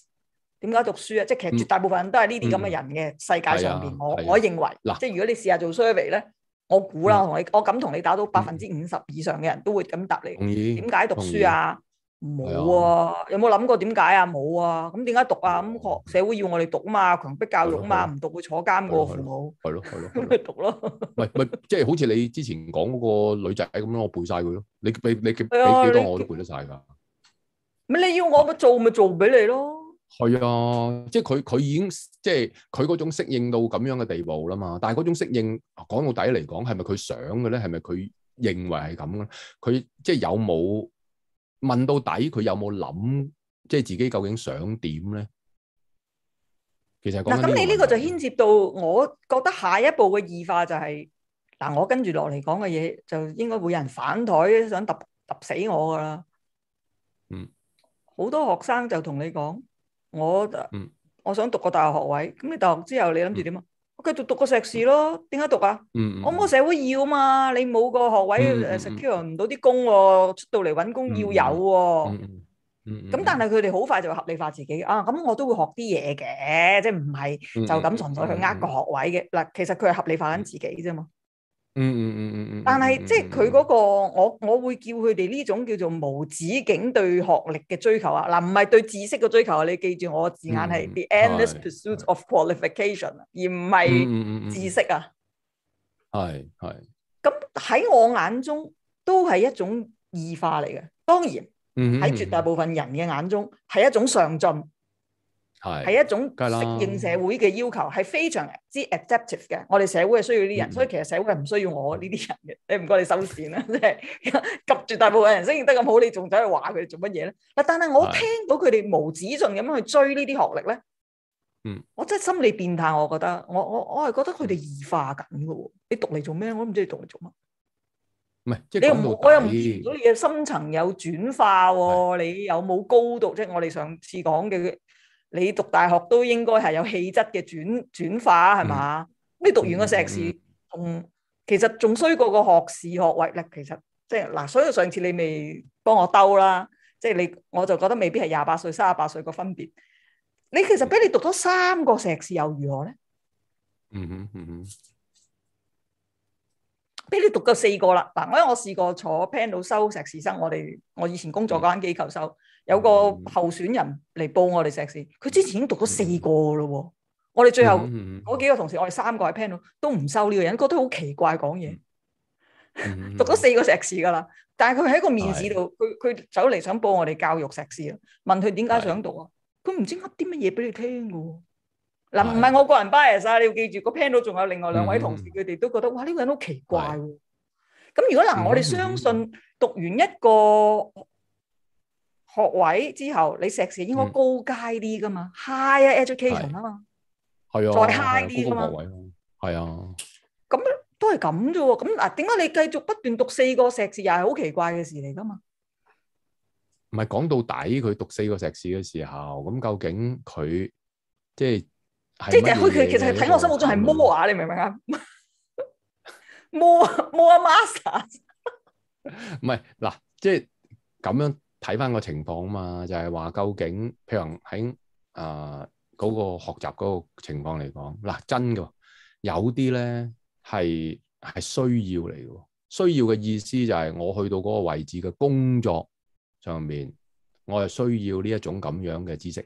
點解讀書啊？即係其實絕大部分都係呢啲咁嘅人嘅，世界上邊，我我認為，即係如果你試下做 survey 咧，我估啦，我同你，我敢同你打到百分之五十以上嘅人都會咁答你。點解讀書啊？冇啊？有冇諗過點解啊？冇啊？咁點解讀啊？咁學社會要我哋讀啊嘛，強逼教育啊嘛，唔讀會坐監個父母。係咯，係咯，咁咪讀咯。唔係唔係，即係好似你之前講嗰個女仔咁樣，我背晒佢咯。你俾你幾多我都背得晒噶。咪你要我咪做咪做俾你咯。係啊，即係佢，佢已經即係佢嗰種適應到咁樣嘅地步啦嘛。但係嗰種適應講到底嚟講，係咪佢想嘅咧？係咪佢認為係咁咧？佢即係有冇問到底？佢有冇諗？即係自己究竟想點咧？其實講嗱，咁你呢個就牽涉到，我覺得下一步嘅異化就係嗱，我跟住落嚟講嘅嘢就應該會有人反台，想揼揼死我噶啦。嗯，好多學生就同你講。我，嗯，我想讀個大學學位，咁你大學之後你諗住點啊？嗯、我繼續讀個碩士咯，點解讀啊？嗯，我冇社會要啊嘛，你冇個學位誒，secure 唔到啲工喎，出到嚟搵工要有喎、啊，咁、嗯嗯嗯嗯、但係佢哋好快就會合理化自己啊，咁我都會學啲嘢嘅，即係唔係就咁純粹去呃個學位嘅嗱，其實佢係合理化緊自己啫嘛。嗯嗯嗯嗯嗯，嗯但係是、嗯、即係佢嗰個、嗯、我我會叫佢哋呢種叫做無止境對學歷嘅追求啊嗱，唔、呃、係對知識嘅追求啊，你記住我個字眼係、嗯、The Endless、嗯、Pursuit、嗯、of qualification，而唔係知識啊，係係、嗯，咁、嗯、喺、嗯嗯嗯、我眼中都係一種異化嚟嘅，當然喺、嗯嗯、絕大部分人嘅眼中係一種上進。係一種適應社會嘅要求，係非常之 adaptive 嘅。我哋社會係需要呢啲人，嗯，所以其實社會係唔需要我呢啲人嘅。你唔該你收線啦，即係及住大部分人適應得咁好，你仲走去話佢哋做乜嘢咧？嗱，但係我聽到佢哋無止盡咁樣去追呢啲學歷咧，嗯，我真係心理變態，我覺得，我我我係覺得佢哋異化緊噶喎。你讀嚟做咩？我都唔知你讀嚟做乜。唔係，你又我又唔見到你嘅深層有轉化喎？你有冇的高度？即係我哋上次講嘅。你讀大學都應該係有氣質嘅轉轉化係嘛？咁、嗯、你讀完個碩士，同、嗯嗯、其實仲衰過個學士學位咧。其實即係嗱，所以上次你未幫我兜啦，即係你，我就覺得未必係廿八歲、三十八歲個分別。你其實俾你讀咗三個碩士又如何咧、嗯？嗯嗯嗯嗯，俾你讀咗四個啦。嗱，因為我試過坐 panel 收碩士生，我哋我以前工作嗰間、嗯、機構收。有個候選人嚟報我哋碩士，佢之前已經讀咗四個咯。我哋最後嗰幾個同事，我哋三個喺 panel 都唔收呢個人，覺得好奇怪講嘢。讀咗四個碩士噶啦，但係佢喺個面試度，佢佢走嚟想報我哋教育碩士咯，問佢點解想讀啊？佢唔知噏啲乜嘢俾你聽噶。嗱，唔係我個人 bias 啊，你要記住，個 panel 仲有另外兩位同事，佢哋都覺得哇呢個人好奇怪。咁如果嗱，我哋相信讀完一個，學位之後，你碩士應該高階啲噶嘛？High 啊，education 啊嘛，再 high 啲噶嘛，係啊。咁都係咁啫喎。咁嗱，點解你繼續不斷讀四個碩士又係好奇怪嘅事嚟噶嘛？唔係講到底，佢讀四個碩士嘅時候，咁究竟佢即係即係佢其實係睇我心目中係 more，你明唔明啊？More more master 唔係嗱，即係咁樣。睇翻個情況啊嘛，就係話究竟譬如喺啊嗰個學習嗰個情況嚟講，嗱真嘅有啲咧係係需要嚟嘅，需要嘅意思就係我去到嗰個位置嘅工作上面，我係需要呢一種咁樣嘅知識。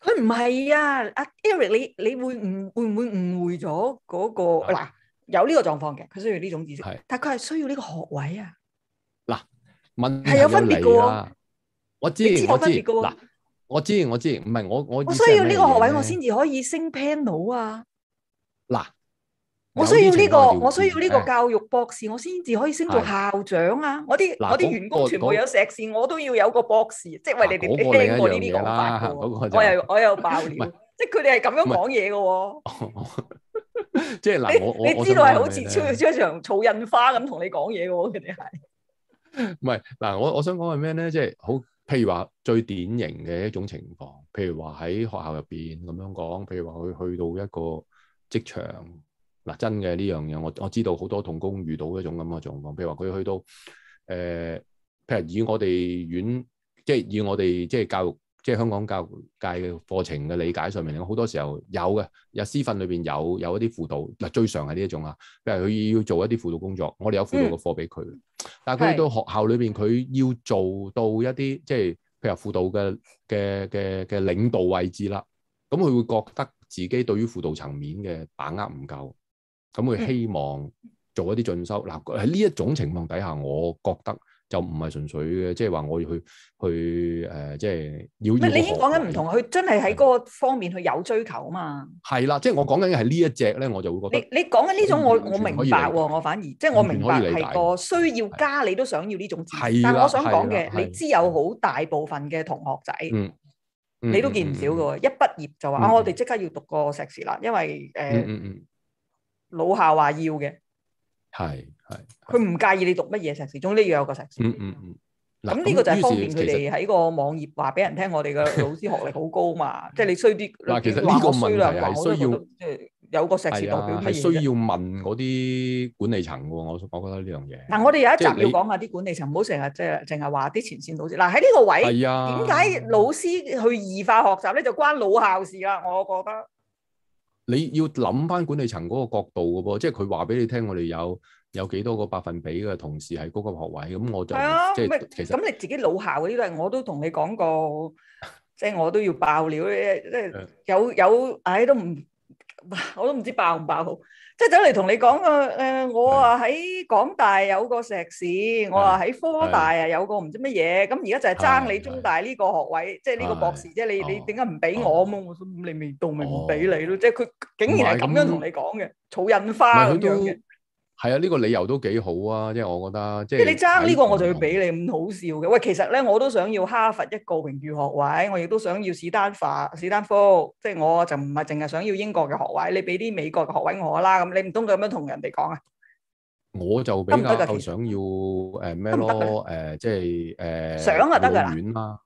佢唔係啊，阿 Eric，你你會誤會唔會誤會咗嗰個嗱，啊？有呢個狀況嘅，佢需要呢種知識，是但佢係需要呢個學位啊。係有分別噶，我知我知。嗱，我知我知。唔係我我我需要呢個學位，我先至可以升 panel 啊。嗱，我需要呢個，我需要呢個教育博士，我先至可以升做校長啊。我啲我啲員工全部有碩士，我都要有個博士，即係為你哋聽過呢啲講法，我有我有爆料，即係佢哋係咁樣講嘢噶。即係嗱，你知道係好似超超長草印花咁同你講嘢噶，佢哋係。唔係，嗱，我我想講係咩咧？即係好，譬如話最典型嘅一種情況，譬如話喺學校入邊咁樣講，譬如話佢去，去到一個職場。嗱，真嘅呢樣嘢，我我知道好多同工遇到一種咁嘅狀況，譬如話佢去到誒、呃，譬如以我哋院，即係以我哋即係教育。即係香港教育界嘅課程嘅理解上面，我好多時候有嘅，有師訓裏邊有有一啲輔導，嗱最常係呢一種啊，譬如佢要做一啲輔導工作，我哋有輔導嘅課俾佢。嗯、但係佢到學校裏邊，佢要做到一啲即係譬如輔導嘅嘅嘅嘅領導位置啦，咁佢會覺得自己對於輔導層面嘅把握唔夠，咁佢希望做一啲進修。嗱喺呢一種情況底下，我覺得。就唔係純粹嘅，即係話我要去去誒，即係要要。唔係你已經講緊唔同啊？佢真係喺嗰個方面去有追求啊嘛。係啦，即係我講緊嘅係呢一隻咧，我就會覺得。你你講緊呢種，我我明白喎。我反而即係我明白係個需要加，你都想要呢種知識。係啦。但係我想講嘅，你知有好大部分嘅同學仔，你都見唔少噶。一畢業就話啊，我哋即刻要讀個碩士啦，因為誒，老校話要嘅係。係佢唔介意你讀乜嘢碩士，總都要有個碩士。嗯嗯嗯。咁呢個就係方便佢哋喺個網頁話俾人聽，我哋嘅老師學歷好高嘛。即係你需要啲。嗱，其實呢個問題係需要有個碩士代表，係需要問嗰啲管理層嘅。我我覺得呢樣嘢。但係我哋有一集要講下啲管理層，唔好成日即係淨係話啲前線老師。嗱，喺呢個位，係啊。點解老師去異化學習咧？就關老校事啦。我覺得你要諗翻管理層嗰個角度嘅噃，即係佢話俾你聽，我哋有。有幾多個百分比嘅同事係嗰個學位咁，我就即係其實咁你自己老校嗰啲都係，我都同你講過，即係我都要爆料，即係有有，唉，都唔，我都唔知爆唔爆好。即係走嚟同你講啊，誒，我話喺港大有個碩士，我話喺科大啊有個唔知乜嘢，咁而家就係爭你中大呢個學位，即係呢個博士，即係你你點解唔俾我咁？你未到咪唔俾你咯？即係佢竟然係咁樣同你講嘅，草印花咁樣嘅。係啊，呢、這個理由都幾好啊，即係我覺得，即係你爭呢個我就要俾你，咁好笑嘅。喂，其實咧我都想要哈佛一個榮譽學位，我亦都想要史丹法。史丹福，即、就、係、是、我就唔係淨係想要英國嘅學位，你俾啲美國嘅學位我啦。咁你唔通咁樣同人哋講啊？我就比較想要誒咩、呃、咯？誒、呃呃，即係誒，呃、想就得噶啦。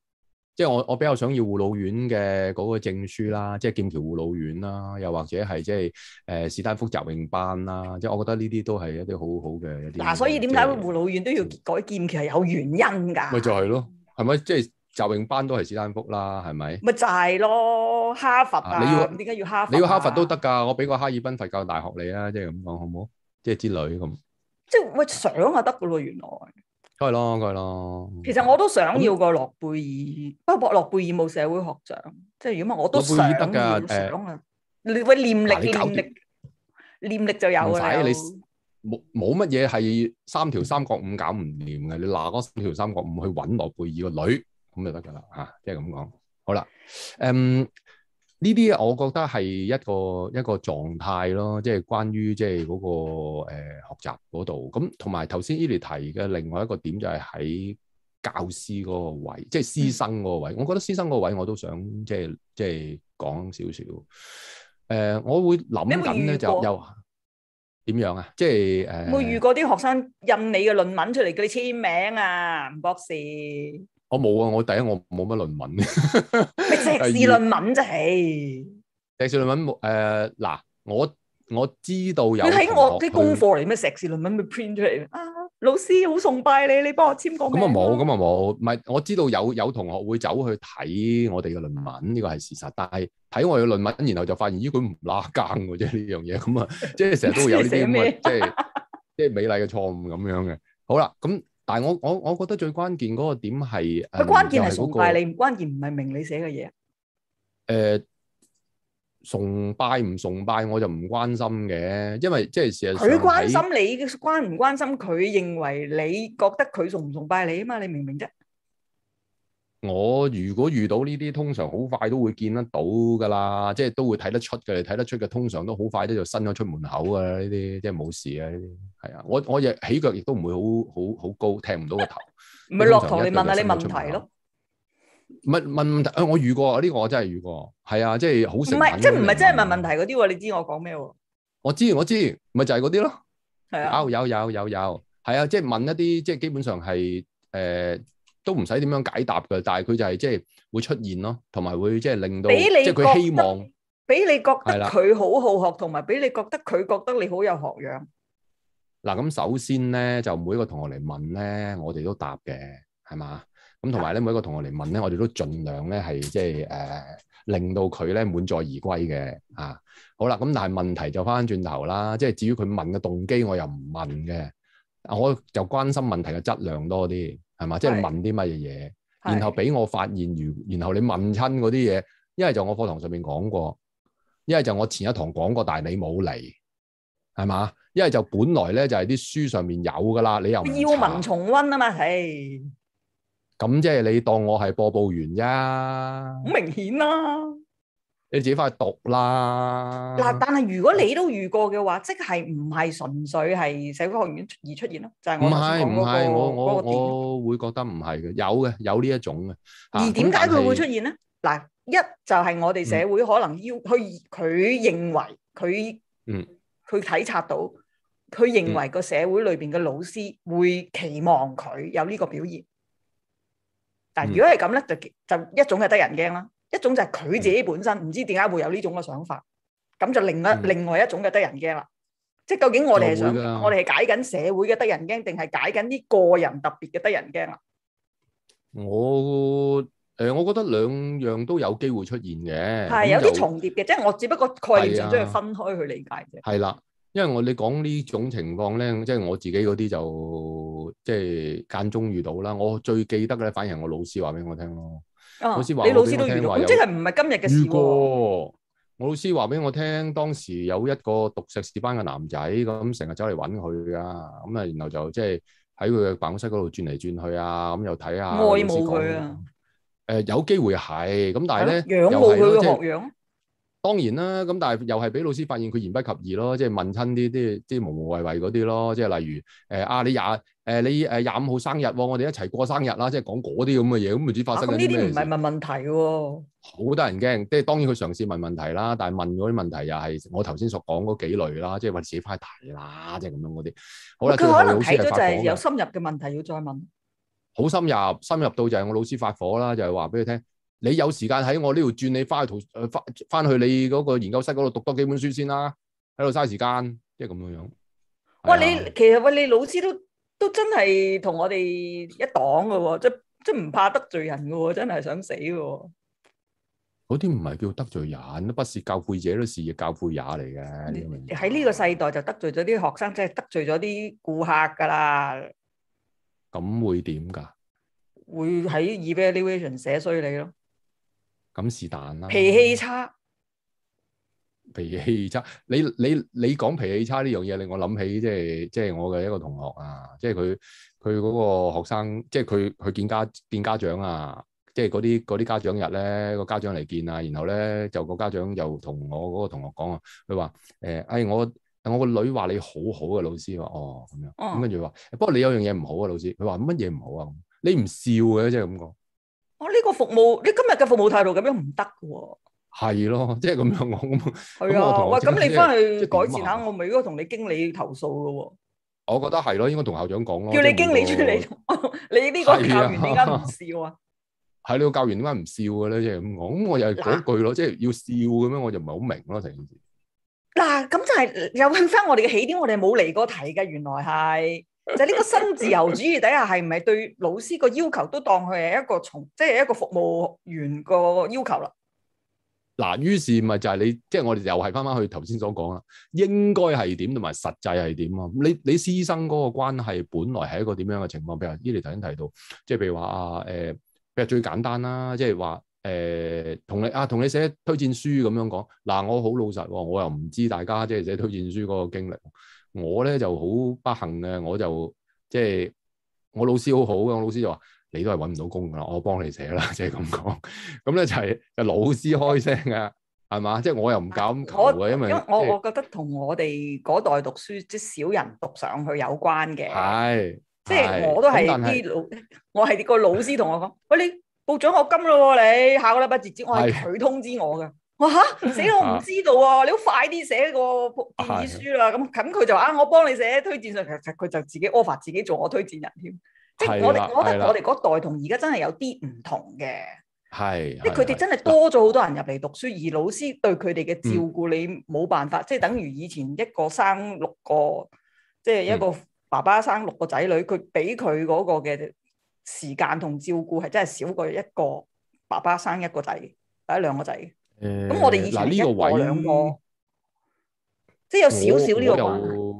即係我我比較想要護老院嘅嗰個證書啦，即係劍橋護老院啦，又或者係即係誒、呃、史丹福集泳班啦，即係我覺得呢啲都係一啲好好嘅、啊、一啲。嗱，所以點解會護老院都要改劍橋係有原因㗎？咪就係咯，係咪即係集泳班都係史丹福啦？係咪？咪就係咯，哈佛啊！你要點解要哈佛、啊？你要哈佛都得㗎，我俾個哈爾濱佛教大學你啊，即係咁講好唔好？即係之類咁。即係喂想啊得㗎咯，原來。係咯，係咯。其實我都想要個諾貝爾，不過博諾貝爾冇社會學獎，即係如果唔係我都想嘅。想啊要，你會、呃、念力，呃、念力，念力就有啦。唔使用、哦、你，冇冇乜嘢係三條三角五搞唔掂嘅，你嗱嗰三條三角五去搵諾貝爾個女，咁就得噶啦吓，即係咁講。好啦，嗯。呢啲我覺得係一個一個狀態咯，即係關於即係嗰、那個誒、呃、學習嗰度。咁同埋頭先 Eli 提嘅另外一個點就係喺教師嗰個位，即係師生嗰個位。嗯、我覺得師生嗰個位我都想即係即係講少少。誒、呃，我會諗緊咧，有有就又點樣啊？即係誒。會、呃、遇過啲學生印你嘅論文出嚟，叫你簽名啊，博士。我冇啊！我第一我冇乜論文，咩碩士論文啫？碩士論文冇誒，嗱、啊、我我知道有。你睇我啲功課嚟咩？碩士論文咪 print 出嚟啊！老師好崇拜你，你幫我簽個名。咁啊冇，咁啊冇，唔係我知道有有同學會走去睇我哋嘅論文，呢個係事實。但係睇我哋嘅論文，然後就發現咦佢唔拉更嘅啫呢樣嘢，咁啊即係成日都會有呢啲我即係即係美麗嘅錯誤咁樣嘅。好啦，咁、嗯。嗯但係我我我覺得最關鍵嗰個點係，佢關鍵係崇拜你，唔關鍵唔係明你寫嘅嘢。誒，崇拜唔崇拜我就唔關心嘅，因為即係事實上佢關心你關唔關心，佢認為你覺得佢崇唔崇拜你啊嘛，你明唔明啫？我如果遇到呢啲，通常好快都會見得到噶啦，即係都會睇得出嘅，睇得出嘅通常都好快咧就伸咗出門口啊！呢啲即係冇事啊，呢啲係啊，我我亦起腳亦都唔會好好好高，踢唔到個頭。咪落堂你問下你問題咯。乜問、嗯、問題問問問？我遇過呢、呢個，我真係遇過，係啊，即係好少。唔係，即係唔係真係問問題嗰啲喎？你知我講咩喎？我知我知，咪就係嗰啲咯。係啊的，有有有有，係啊，即係問一啲，即係基本上係誒。呃都唔使點樣解答嘅，但係佢就係、是、即係會出現咯，同埋會即係令到，俾你即係佢希望，俾你覺得佢好好學，同埋俾你覺得佢覺得你好有學養。嗱，咁首先咧，就每一個同學嚟問咧，我哋都答嘅，係嘛？咁同埋咧，的每一個同學嚟問咧，我哋都盡量咧係即係誒、呃，令到佢咧滿載而歸嘅啊！好啦，咁但係問題就翻轉頭啦，即係至於佢問嘅動機，我又唔問嘅，我就關心問題嘅質量多啲。係嘛？即係問啲乜嘢嘢，的然後俾我發現。如然後你問親嗰啲嘢，一係就我課堂上面講過，一係就我前一堂講過，但係你冇嚟，係嘛？一係就本來咧就係、是、啲書上面有㗎啦，你又要問重溫啊嘛？唉、hey，咁即係你當我係播報員呀？好明顯啦、啊、～你自己翻去讀啦。嗱、啊，但係如果你都遇過嘅話，即係唔係純粹係社會學院而出現咯？就係、是、我先講嗰個。唔係唔係，我我我會覺得唔係嘅，有嘅有呢一種嘅。啊、而點解佢會出現咧？嗱、啊，一就係我哋社會可能要佢佢、嗯、認為佢嗯，佢體察到佢認為個社會裏邊嘅老師會期望佢有呢個表現。啊、但如果係咁咧，就就一種係得人驚啦。一種就係佢自己本身唔、嗯、知點解會有呢種嘅想法，咁就另一、嗯、另外一種嘅得人驚啦。即係究竟我哋係想我哋係解緊社會嘅得人驚，定係解緊啲個人特別嘅得人驚啊？我誒、呃，我覺得兩樣都有機會出現嘅，係是就有啲重疊嘅，即係就我只不過概念上都要分開去理解啫。係啦、啊，因為我你講呢種情況咧，即、就、係、是、我自己嗰啲就即係、就是、間中遇到啦。我最記得嘅咧，反而係我老師話俾我聽咯。啊、老師話、啊、你老師都遇，是是、啊、遇過，即係唔係今日嘅事。我老師話俾我聽，當時有一個讀碩士班嘅男仔咁，成日走嚟搵佢啊，咁啊，然後就即係喺佢嘅辦公室嗰度轉嚟轉去啊，咁又睇下啊。我亦冇去啊。誒，有機會係，咁但係咧，又冇佢嘅學樣。當然啦，咁但係又係俾老師發現佢言不及義咯，即係問親啲啲即係無無謂謂嗰啲咯，即係例如誒、呃、啊，你廿。誒，你誒廿五號，生日，我哋一齊過生日啦，即係講嗰啲咁嘅嘢，咁唔知發生咗咩？呢啲唔係問問題喎、啊，好得人驚。即係當然佢嘗試問問題啦，但係問嗰啲問題又係我頭先所講嗰幾類啦，即係話自己翻去睇啦，即係咁樣嗰啲。好啦，佢可能睇咗就係有深入嘅問題要再問，好深入，深入到就係我老師發火啦，就係話俾佢聽，你有時間喺我呢度轉，你翻去圖誒翻翻去你嗰個研究室嗰度讀多幾本書先啦，喺度嘥時間，即係咁樣樣。哇，啊、你其實喂你老師都。都真係同我哋一黨嘅喎，即即唔怕得罪人嘅喎，真係想死喎。嗰啲唔係叫得罪人，都不是教誨者，都係教誨也嚟嘅。喺呢個世代就得罪咗啲學生，即係得罪咗啲顧客噶啦。咁會點噶？會喺 evaluation 寫衰你咯。咁是但啦。脾氣差。脾氣差，你你你講脾氣差呢樣嘢，令我諗起即係即係我嘅一個同學啊，即係佢佢嗰個學生，即係佢佢見家見家長啊，即係嗰啲啲家長日咧，個家長嚟見啊，然後咧就個家長又同我嗰個同學講啊，佢話誒，哎、欸、我我個女話你好好嘅老師話哦咁樣，咁跟住話，不過你有樣嘢唔好啊，老師，佢話乜嘢唔好啊？你唔笑嘅即係咁講，我呢、哦呢個服務，你今日嘅服務態度咁樣唔得嘅。係咯，即係咁樣講。係啊的，喂，咁你翻去、啊、改善下，我咪應該同你經理投訴咯、啊。我覺得係咯，應該同校長講咯。叫你經理出嚟，你呢個教員點解唔笑啊？係你個教員點解唔笑嘅咧？即係咁講，咁、嗯、我又係嗰句咯，即係要笑嘅咩？我就唔係好明咯，成件事，嗱、啊，咁就係又去翻我哋嘅起點，我哋冇嚟過提嘅，原來係就係、是、呢個新自由主義底下係唔係對老師個要求都當佢係一個從，即、就、係、是、一個服務員個要求啦。嗱，於、啊、是咪就係你，即係我哋又係返返去頭先所講啦，應該係點同埋實際係點啊？你你師生嗰個關係，本來係一個點樣嘅情況？譬如依你頭先提到，即係譬如話啊，誒、呃，譬如最簡單啦，即係話誒，同、呃、你啊，同你寫推薦書咁樣講。嗱、啊，我好老實喎，我又唔知大家即係寫推薦書嗰個經歷。我咧就好不幸嘅，我就即係我老師好好嘅，我老師就話，你都係揾唔到工噶啦，我幫你寫啦，即係咁講。咁咧就係，就老師開聲啊，係嘛？即係我又唔敢求嘅，因為我我覺得同我哋嗰代讀書即係少人讀上去有關嘅。係，即係我都係啲老，我係個老師同我講，喂，你報獎學金咯，你下個禮拜截止，我係佢通知我嘅。我嚇死我唔知道啊！你好快啲寫個建議書啦。咁咁佢就話，啊，我幫你寫推薦信，其實佢就自己 offer 自己做我推薦人添。即係我哋，我覺得的我哋嗰代同而家的真係有啲唔同嘅。係，即係佢哋真係多咗好多人入嚟讀書，的而老師對佢哋嘅照顧你冇辦法，嗯、即係等於以前一個生六個，即係、嗯、一個爸爸生六個仔女，佢俾佢嗰個嘅時間同照顧係真係少過一個爸爸生一個仔，或者兩個仔。咁、嗯、我哋以前一個、嗯、呢個位兩個，即係有少少呢個。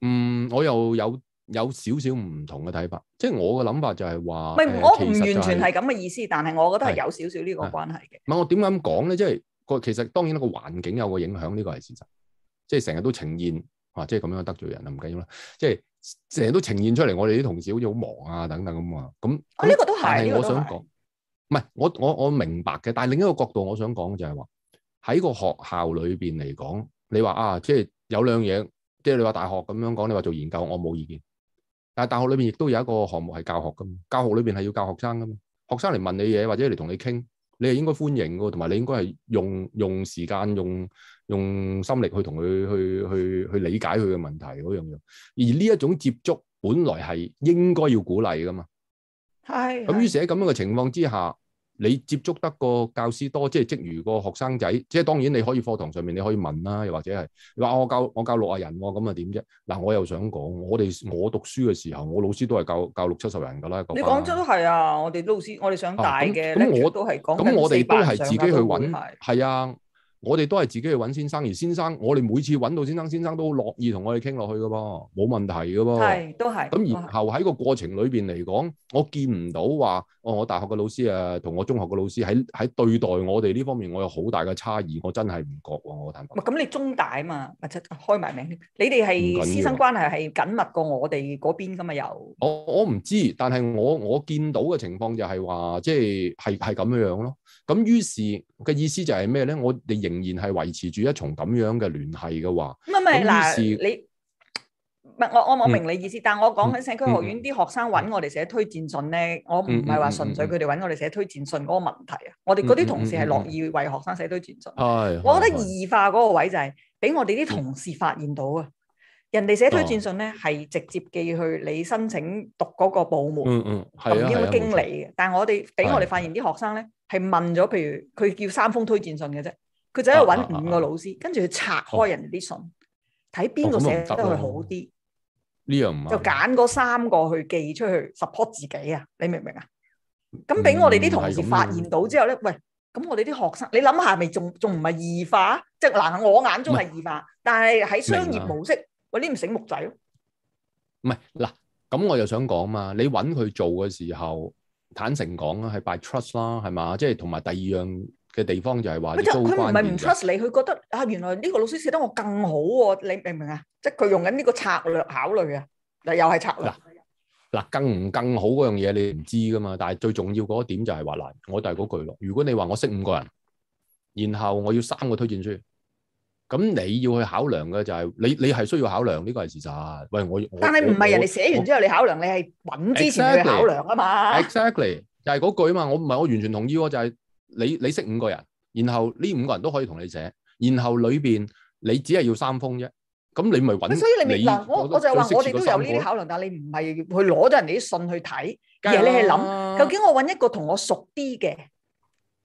嗯，我又有，有。有少少唔同嘅睇法，即係我嘅諗法就係話，唔呃、我唔完全係咁嘅意思，就是，但係我覺得係有少少呢個關係嘅。唔係我點解咁講咧？即係個其實當然一個環境有個影響，呢、呢個係事實，即係成日都呈現啊，即係咁樣得罪人啊，唔緊要啦，即係成日都呈現出嚟，我哋啲同事好似好忙啊，等等咁啊，咁、呢個。呢個都係，我想講，唔係我我我明白嘅，但係另一個角度我想講就係話，喺個學校裏邊嚟講，你話啊，即係有兩樣嘢，即係你話大學咁樣講，你話做研究，我冇意見。但係大學裏面亦都有一個項目係教學噶嘛，教學裏邊係要教學生噶嘛，學生嚟問你嘢，或者嚟同你傾，你係應該歡迎噶，同埋你應該係用用時間用用心力去同佢去去去理解佢嘅問題嗰樣樣，而呢一種接觸本來係應該要鼓勵噶嘛，係，咁於是喺咁樣嘅情況之下。你接觸得個教師多，即係即如個學生仔，即係當然你可以課堂上面你可以問啦、啊，又或者係你話我教我教六啊人，我咁啊點啫？嗱，我又想講，我哋我讀書嘅時候，我老師都係教教六七十人噶啦。啊、你講真都係啊，我哋老師，我哋想大嘅、啊、我，我都係講咁，我哋都係自己去揾，係啊。我哋都係自己去揾先生，而先生我哋每次揾到先生，先生都好樂意同我哋傾落去嘅噃，冇問題嘅噃。係，都係。咁然後喺個過程裏邊嚟講，是我見唔到話，哦，我大學嘅老師誒、啊，同我中學嘅老師喺喺對待我哋呢方面，我有好大嘅差異，我真係唔覺喎，我坦白。咁，你中大啊嘛，或者開埋名，你哋係師生關係係緊密過我哋嗰邊噶嘛？又我我唔知，但係我我見到嘅情況就係話，即係係係咁樣樣咯。咁於是嘅意思就係咩咧？我哋仍然係維持住一重咁樣嘅聯繫嘅話，唔係唔係嗱你唔係我我冇明你意思，但係我講緊社區學院啲學生揾我哋寫推薦信咧，我唔係話純粹佢哋揾我哋寫推薦信嗰個問題啊，我哋嗰啲同事係樂意為學生寫推薦信。係，我覺得異化嗰個位就係俾我哋啲同事發現到啊，人哋寫推薦信咧係直接寄去你申請讀嗰個部門，嗯嗯，咁啲經理嘅，但係我哋俾我哋發現啲學生咧。係問咗，譬如佢叫三封推薦信嘅啫，佢就喺度揾五個老師，啊啊啊啊跟住去拆開人哋啲信，睇邊、哦、個寫得佢好啲。呢、哦、樣唔係就揀嗰三個去寄出去 support 自己啊？你明唔明啊？咁俾、嗯、我哋啲同事發現到之後咧，嗯啊、喂，咁我哋啲學生，你諗下係咪，咪仲仲唔係異化？即係嗱，我眼中係異化，是但係喺商業模式，喂，呢唔醒目仔咯。唔係嗱，咁我又想講嘛，你揾佢做嘅時候。坦誠講啊，係 by trust 啦，係嘛？即係同埋第二樣嘅地方就係話，佢唔係唔 trust 你，佢覺得啊，原來呢個老師寫得我更好喎，你明唔明啊？即係佢用緊呢個策略考慮啊，嗱又係策略。嗱，更唔更好嗰樣嘢你唔知㗎嘛？但係最重要嗰一點就係話嗱，我就係嗰句咯。如果你話我識五個人，然後我要三個推薦書。咁你要去考量嘅就係你，你係需要考量呢個係事實。喂，我但係唔係人哋寫完之後你考量，你係揾之前去考量啊嘛。Exactly 就係嗰句啊嘛。我唔係我完全同意喎，就係你，你識五個人，然後呢五個人都可以同你寫，然後裏邊你只係要三封啫。咁你咪揾。咁所以你明嗱，我，我就話我哋都有呢啲考量，但係你唔係去攞咗人哋啲信去睇，而係你係諗究竟我揾一個同我熟啲嘅。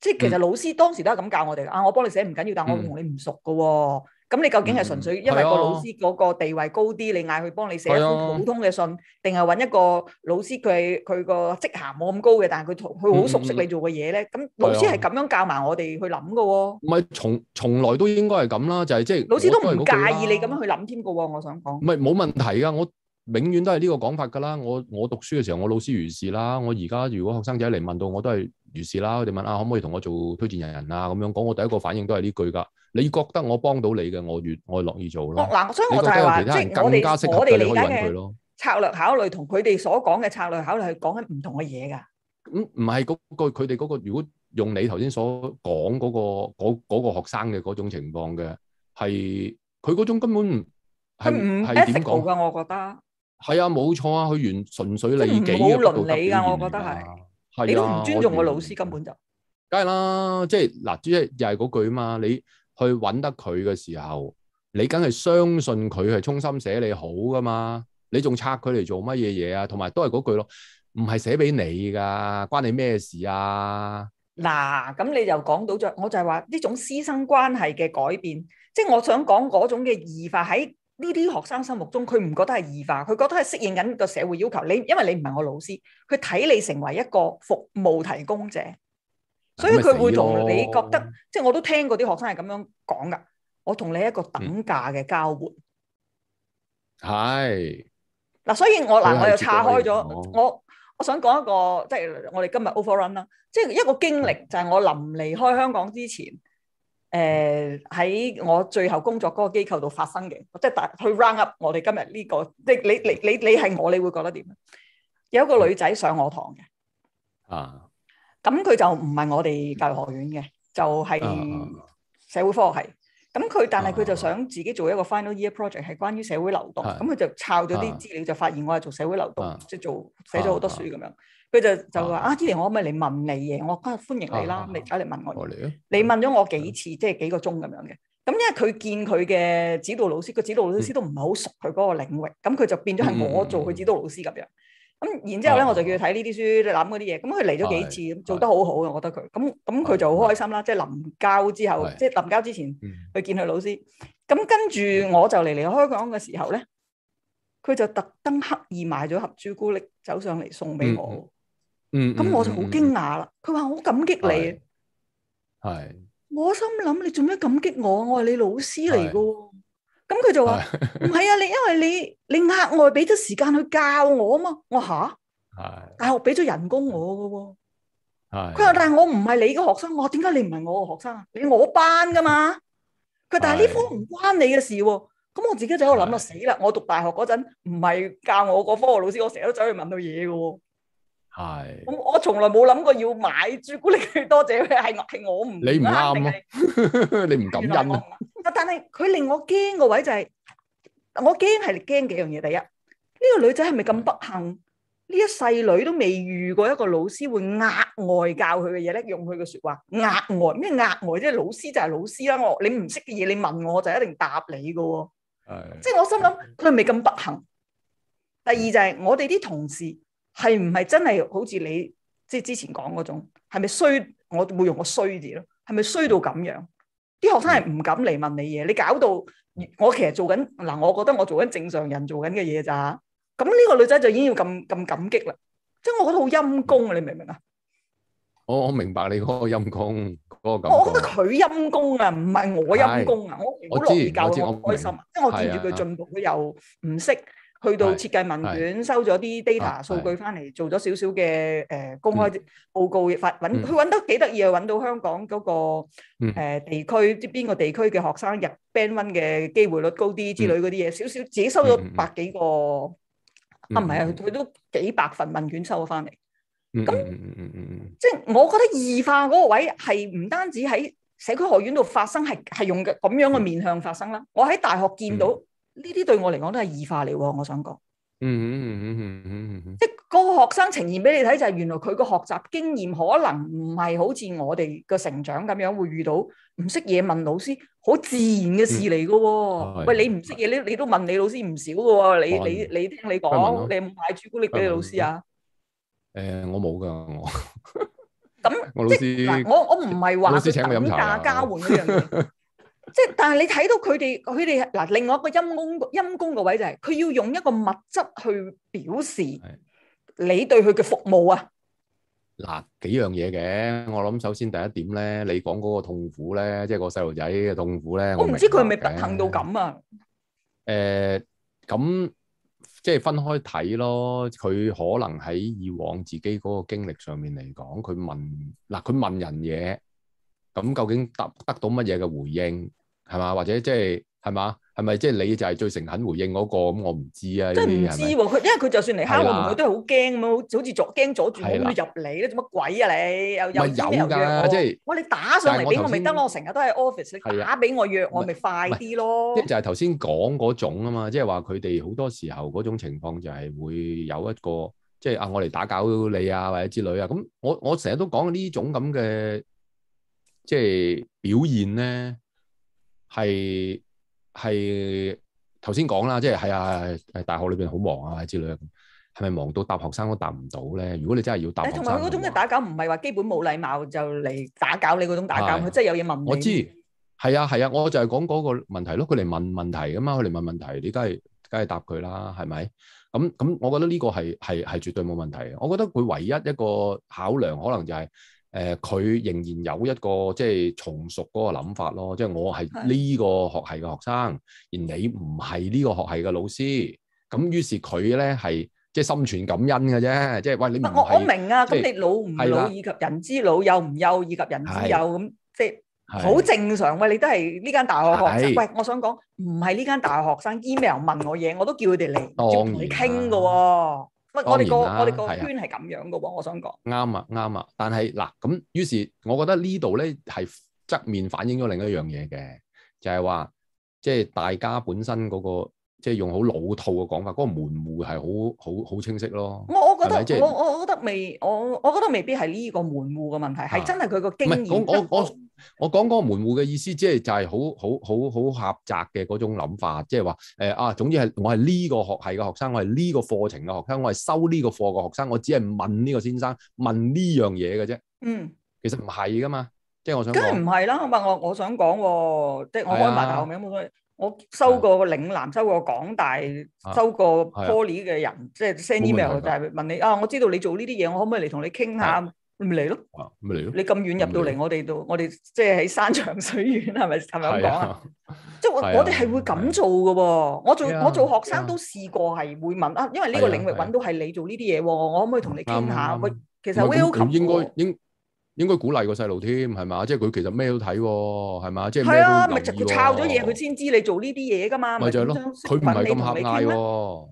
即係其實老師當時都係咁教我哋、嗯、啊我幫你寫唔緊要，但係我同你唔熟嘅喎、哦，咁、嗯、你究竟係純粹因為個老師嗰個地位高啲，嗯、你嗌佢幫你寫一本普通嘅信，定係揾一個老師佢佢個職銜冇咁高嘅，但係佢同佢好熟悉你做嘅嘢咧？咁、嗯、老師係咁、嗯、樣教埋我哋去諗嘅喎。唔係從從來都應該係咁啦，就係即係老師都唔介意你咁樣去諗添嘅喎，我想講。唔係冇問題㗎，我。永遠都係呢個講法噶啦，我我讀書嘅時候，我老師如是啦。我而家如果學生仔嚟問到，我都係如是啦。佢哋問啊，可唔可以同我做推薦人，人啊？咁樣講，我第一個反應都係呢句噶。你覺得我幫到你嘅，我越我越樂意做咯。嗱、哦，所以我就係話，即係我哋我哋而家嘅策略考慮同佢哋所講嘅策略考慮係講緊唔同嘅嘢噶。咁唔係個佢哋嗰個，如果用你頭先所講嗰、嗰個嗰嗰、嗰個學生嘅嗰種情況嘅，係佢嗰種根本唔係唔係點講噶？我覺得。係啊，冇錯啊，佢完純粹利己理啊，冇倫理噶，我覺得係，啊、你都唔尊重個老師，根本就，梗係啦，即係嗱，即係又係嗰句啊嘛，你去揾得佢嘅時候，你梗係相信佢係衷心寫你好噶嘛，你仲拆佢嚟做乜嘢嘢啊？同埋都係嗰句咯，唔係寫俾你噶，關你咩事啊？嗱、啊，咁你又講到咗，我就係話呢種師生關係嘅改變，即係我想講嗰種嘅異化喺。呢啲學生心目中佢唔覺得係異化，佢覺得係適應緊個社會要求。你因為你唔係我老師，佢睇你成為一個服務提供者，所以佢會同你覺得，嗯、即係我都聽過啲學生係咁樣講噶。我同你一個等價嘅交換係。嗱、嗯啊，所以我嗱我又岔開咗。我我想講一個，即係我哋今日 overrun 啦，即係一個經歷，就係我臨離開香港之前。誒喺、呃、我最後工作嗰個機構度發生嘅，即係大去 round up 我哋今日呢、這個，即係你你你你係我，你會覺得點？有一個女仔上我堂嘅，啊，咁佢就唔係我哋教育學院嘅，就係、是、社會科學系。咁佢但係佢就想自己做一個 final year project，係關於社會流動。咁佢是就抄咗啲資料，是就發現我係做社會流動，即係是做寫咗好多書咁樣。佢就就話阿之我可唔可以嚟問你嘢？我啊歡迎你啦，你走嚟問我。你問咗我幾次，即係幾個鐘咁樣嘅。咁因為佢見佢嘅指導老師，個指導老師都唔係好熟佢嗰個領域，咁佢就變咗係我做佢指導老師咁樣。咁然之後咧，我就叫佢睇呢啲書，諗嗰啲嘢。咁佢嚟咗幾次，咁做得好好啊，我覺得佢。咁咁佢就好開心啦，即係臨交之後，即係臨交之前去見佢老師。咁跟住我就嚟嚟開講嘅時候咧，佢就特登刻意買咗盒朱古力走上嚟送俾我。嗯，咁我就好驚訝啦。佢話，我感激你，係我心諗，你做咩感激我？我係你老師嚟噶，咁佢就話唔係啊，你因為你你額外俾咗時間去教我啊嘛。我吓，係大學俾咗人工我噶，係佢話但係我唔係你嘅學生。我點解你唔係我嘅學生？你我班噶嘛。佢話但係呢科唔關你嘅事，咁我自己就喺度諗啦。死啦！我讀大學嗰陣唔係教我嗰科嘅老師，我成日都走去問到嘢噶。係我我從來冇諗過要買朱古力，多謝佢。係係我唔，你唔啱咯，你唔感恩咯。但係佢令我驚個位就係，我驚係驚幾樣嘢。第一，呢個女仔係咪咁不幸？呢一世女都未遇過一個老師會額外教佢嘅嘢咧，用佢嘅說話，額外咩額外？即係老師就係老師啦，我你唔識嘅嘢，你問我，我就一定答你噶。係即係我心諗佢係咪咁不幸？第二就係我哋啲同事。係唔係真係好似你即係之前講嗰種？係咪衰？我會用個衰字咯。係咪衰到咁樣？啲學生係唔敢嚟問你嘢。嗯、你搞到我其實做緊嗱，我覺得我做緊正常人做緊嘅嘢咋？咁呢個女仔就已經要咁咁感激啦。即係我覺得好陰公啊！你明唔明啊？我我明白你嗰個陰公、嗰個感。我覺得佢陰公啊，唔係我陰公啊。我好我，我知我開心，即係我見住佢進步，我又唔識。去到設計問卷，是收咗啲 data 數據翻嚟，做咗少少嘅誒公開報告，發揾佢揾得幾得意啊！揾到香港嗰、那個嗯呃、個地區，即邊個地區嘅學生入 band one 嘅機會率高啲之類嗰啲嘢，嗯、少少自己收咗百幾個，啊唔係啊，佢都幾百份問卷收咗翻嚟。咁即係我覺得異化嗰個位係唔單止喺社區學院度發生，係係用嘅咁樣嘅面向發生啦。我喺大學見到。嗯呢啲對我嚟講都係異化嚟，我想講。嗯哼嗯哼嗯哼嗯嗯嗯即係、那個學生呈現俾你睇，就係、是、原來佢個學習經驗可能唔係好似我哋嘅成長咁樣會遇到唔識嘢問老師，好自然嘅事嚟噶。嗯嗯、喂，你唔識嘢，你你都問你老師唔少噶喎。你你你，你，你聽你講，嗯、哼你有冇買朱古力俾你老師啊？誒、嗯嗯嗯，我冇噶我。咁，即係我我唔係話。老師請佢飲茶。交換樣 即係，但係你睇到佢哋，佢哋嗱，另外一個陰功陰功個位就係、是，佢要用一個物質去表示你對佢嘅服務啊。嗱，幾樣嘢嘅，我諗首先第一點咧，你講嗰個痛苦咧、就是啊呃，即係個細路仔嘅痛苦咧，我唔知佢係咪不幸到咁啊。誒，咁即係分開睇咯。佢可能喺以往自己嗰個經歷上面嚟講，佢問嗱，佢、呃、問人嘢，咁究竟得得到乜嘢嘅回應？係嘛？或者即係係嘛？係咪即係你就係最誠懇回應嗰個？咁我唔知啊！真係唔知喎。佢因為佢就算嚟敲門，佢都係好驚咁，好似阻驚阻住佢入嚟咧，做乜鬼啊你？又有噶，即係我你打上嚟俾我咪得咯。我成日都喺 office 打俾我約我咪快啲咯。即係就係頭先講嗰種啊嘛，即係話佢哋好多時候嗰種情況就係會有一個，即係啊我嚟打攪到你啊或者之類啊。咁我我成日都講呢種咁嘅即係表現咧。係係頭先講啦，即係係啊，大學裏邊好忙啊之類，係咪忙到答學生都答唔到咧？如果你真係要答，同埋嗰種嘅打攪唔係話基本冇禮貌就嚟打攪你嗰種打攪，佢的真係有嘢問你。我知，係啊係啊，我就係講嗰個問題咯。佢嚟問問題噶嘛，佢嚟問問題，你梗係梗係答佢啦，係咪？咁咁，我覺得呢個係係係絕對冇問題。我覺得佢唯一一個考量可能就係、是。誒，佢、呃、仍然有一個即係從屬嗰個諗法咯，即係我係呢個學系嘅學生，的而你唔係呢個學系嘅老師，咁於是佢咧係即係心存感恩嘅啫，即係喂你唔係我我明啊，咁是你老唔老以及人之老，幼唔的幼以及人之幼咁，即係好正常喂，你都係呢間大學學生。的喂，我想講唔係呢間大學學生 email 問我嘢，我都叫佢哋嚟同你傾嘅喎。唔，我哋個我哋個圈係咁樣嘅喎，啊、我想講。啱啊啱啊，但係嗱咁，於是，我覺得呢度咧係側面反映咗另一樣嘢嘅，就係、是、話，即、就、係、是、大家本身嗰、那個，即、就、係、是、用好老套嘅講法，嗰、那個門戶係好好好清晰咯。我我覺得、就是、我我覺得未，我我覺得未必係呢個門戶嘅問題，係、啊、真係佢個經驗。我講嗰個門戶嘅意思，即係就係好好好好狹窄嘅嗰種諗法，即係話誒啊，總之係我係呢個學系嘅學生，我係呢個課程嘅學生，我係收呢個課嘅學生，我只係問呢個先生問呢樣嘢嘅啫。嗯，其實唔係噶嘛，即係我想。梗唔係啦，我咪我我想講，哦，即係我講埋大學名，冇、啊、我收過嶺南，收過港大，啊、收過 Poly 嘅人，啊、即係 send email 就係問你啊，我知道你做呢啲嘢，我可唔可以嚟同你傾下？咪嚟咯，咪嚟咯！啊、你咁遠入到嚟，我哋都我哋即係喺山長水遠，係咪係咪咁講啊？即係 我我哋係會咁做噶喎！啊、我做我做學生都試過係會問啊，因為呢個領域揾到係你做呢啲嘢，我可唔可以同你傾下？喂、啊，啊啊、其實 V O Q 唔應該應應該鼓勵個細路添，係嘛？即係佢其實咩都睇，係嘛？即係咩都留意，啊，咪就佢抄咗嘢，佢先知你做呢啲嘢噶嘛？咪就係咯，佢唔係咁黑啱。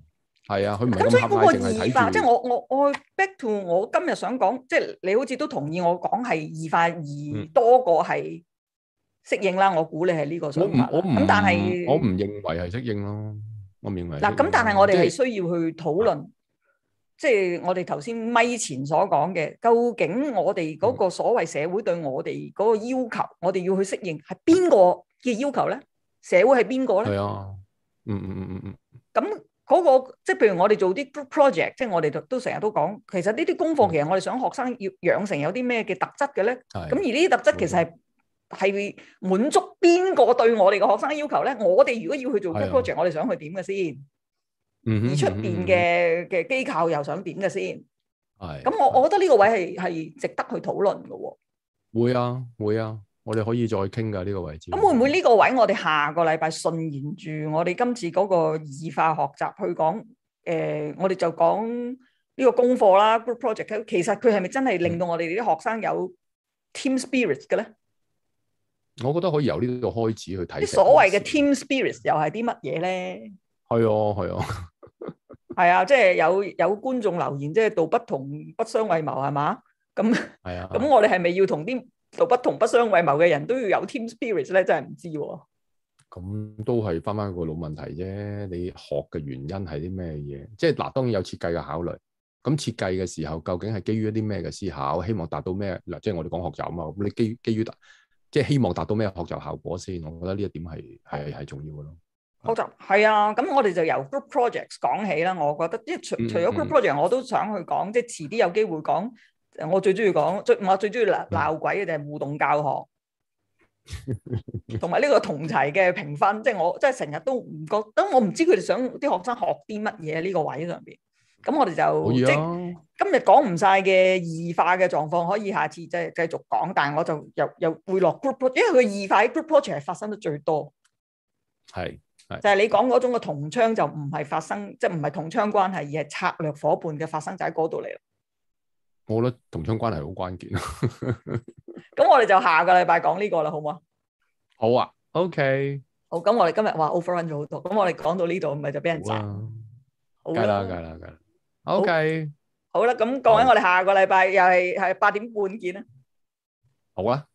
係啊，佢唔咁快。咁所以嗰個異化，即係我我我 back to 我今日想講，即係你好似都同意我講係異化二多過係適應啦。我估你係呢個想法。我唔我唔，但係我唔認為係適應咯。我唔認為嗱，咁但係我哋係需要去討論，即係我哋頭先咪前所講嘅，究竟我哋嗰個所謂社會對我哋嗰個要求，我哋要去適應係邊個嘅要求咧？社會係邊個咧？係啊，嗯嗯嗯嗯嗯。咁嗰個即係譬如我哋做啲 project，即係我哋都成日都講，其實呢啲功課其實我哋想學生要養成有啲咩嘅特質嘅咧，咁的而呢啲特質其實係係的滿足邊個對我哋嘅學生要求咧？我哋如果要去做 project，的我哋想去點嘅先？而出邊嘅嘅機構又想點嘅先？係的。咁我我覺得呢個位係係值得去討論㗎喎。會啊會啊。嗯我哋可以再傾㗎呢個位置。咁會唔會呢個位我哋下個禮拜順延住？我哋今次嗰個異化學習去講，誒，我哋就講呢個功課啦，group project。其實佢係咪真係令到我哋啲學生有 team spirit 嘅咧？我覺得可以由呢度開始去睇。所謂嘅 team spirit 又係啲乜嘢咧？係啊，係啊，係 啊，即係有有觀眾留言，即係道不同不相為謀係嘛？咁，係啊，咁我哋係咪要同啲？道不同不相為謀嘅人都要有 team spirit 咧、啊，真係唔知。咁都係翻翻個老問題啫。你學嘅原因係啲咩嘢？即係嗱，當然有設計嘅考慮。咁設計嘅時候究竟係基於一啲咩嘅思考？希望達到咩？嗱，即係我哋講學習啊嘛。咁你基於基於即係希望達到咩學習效果先？我覺得呢一點係係係重要嘅咯。學習係啊。咁我哋就由 group projects 講起啦。我覺得即係除除咗 group project，我都想去講，嗯嗯即係遲啲有機會講。我最中意講最我最中意鬧鬧鬼嘅就係互動教學，同埋呢個同齊嘅評分，即係我即係成日都唔覺得我唔知佢哋想啲學生學啲乜嘢呢個位上邊。咁我哋就、啊、即今日講唔晒嘅異化嘅狀況，可以下次即係繼續講。但係我就又又會落 group project，因為佢異化喺 group project 係發生得最多。係就係你講嗰種嘅同窗就唔係發生即係唔係同窗關係，而係策略伙伴嘅發生就喺嗰度嚟。我覺得同窗關係好關鍵啊！咁我哋就下個禮拜講呢個啦，好唔好啊？好啊，OK。好，咁我哋今日話 overrun 咗好多，咁我哋講到呢度，唔係就俾人賺。好啦，梗係啦，梗係啦，OK。好啦，咁講緊我哋下個禮拜，又係係八點半見啊！好啊。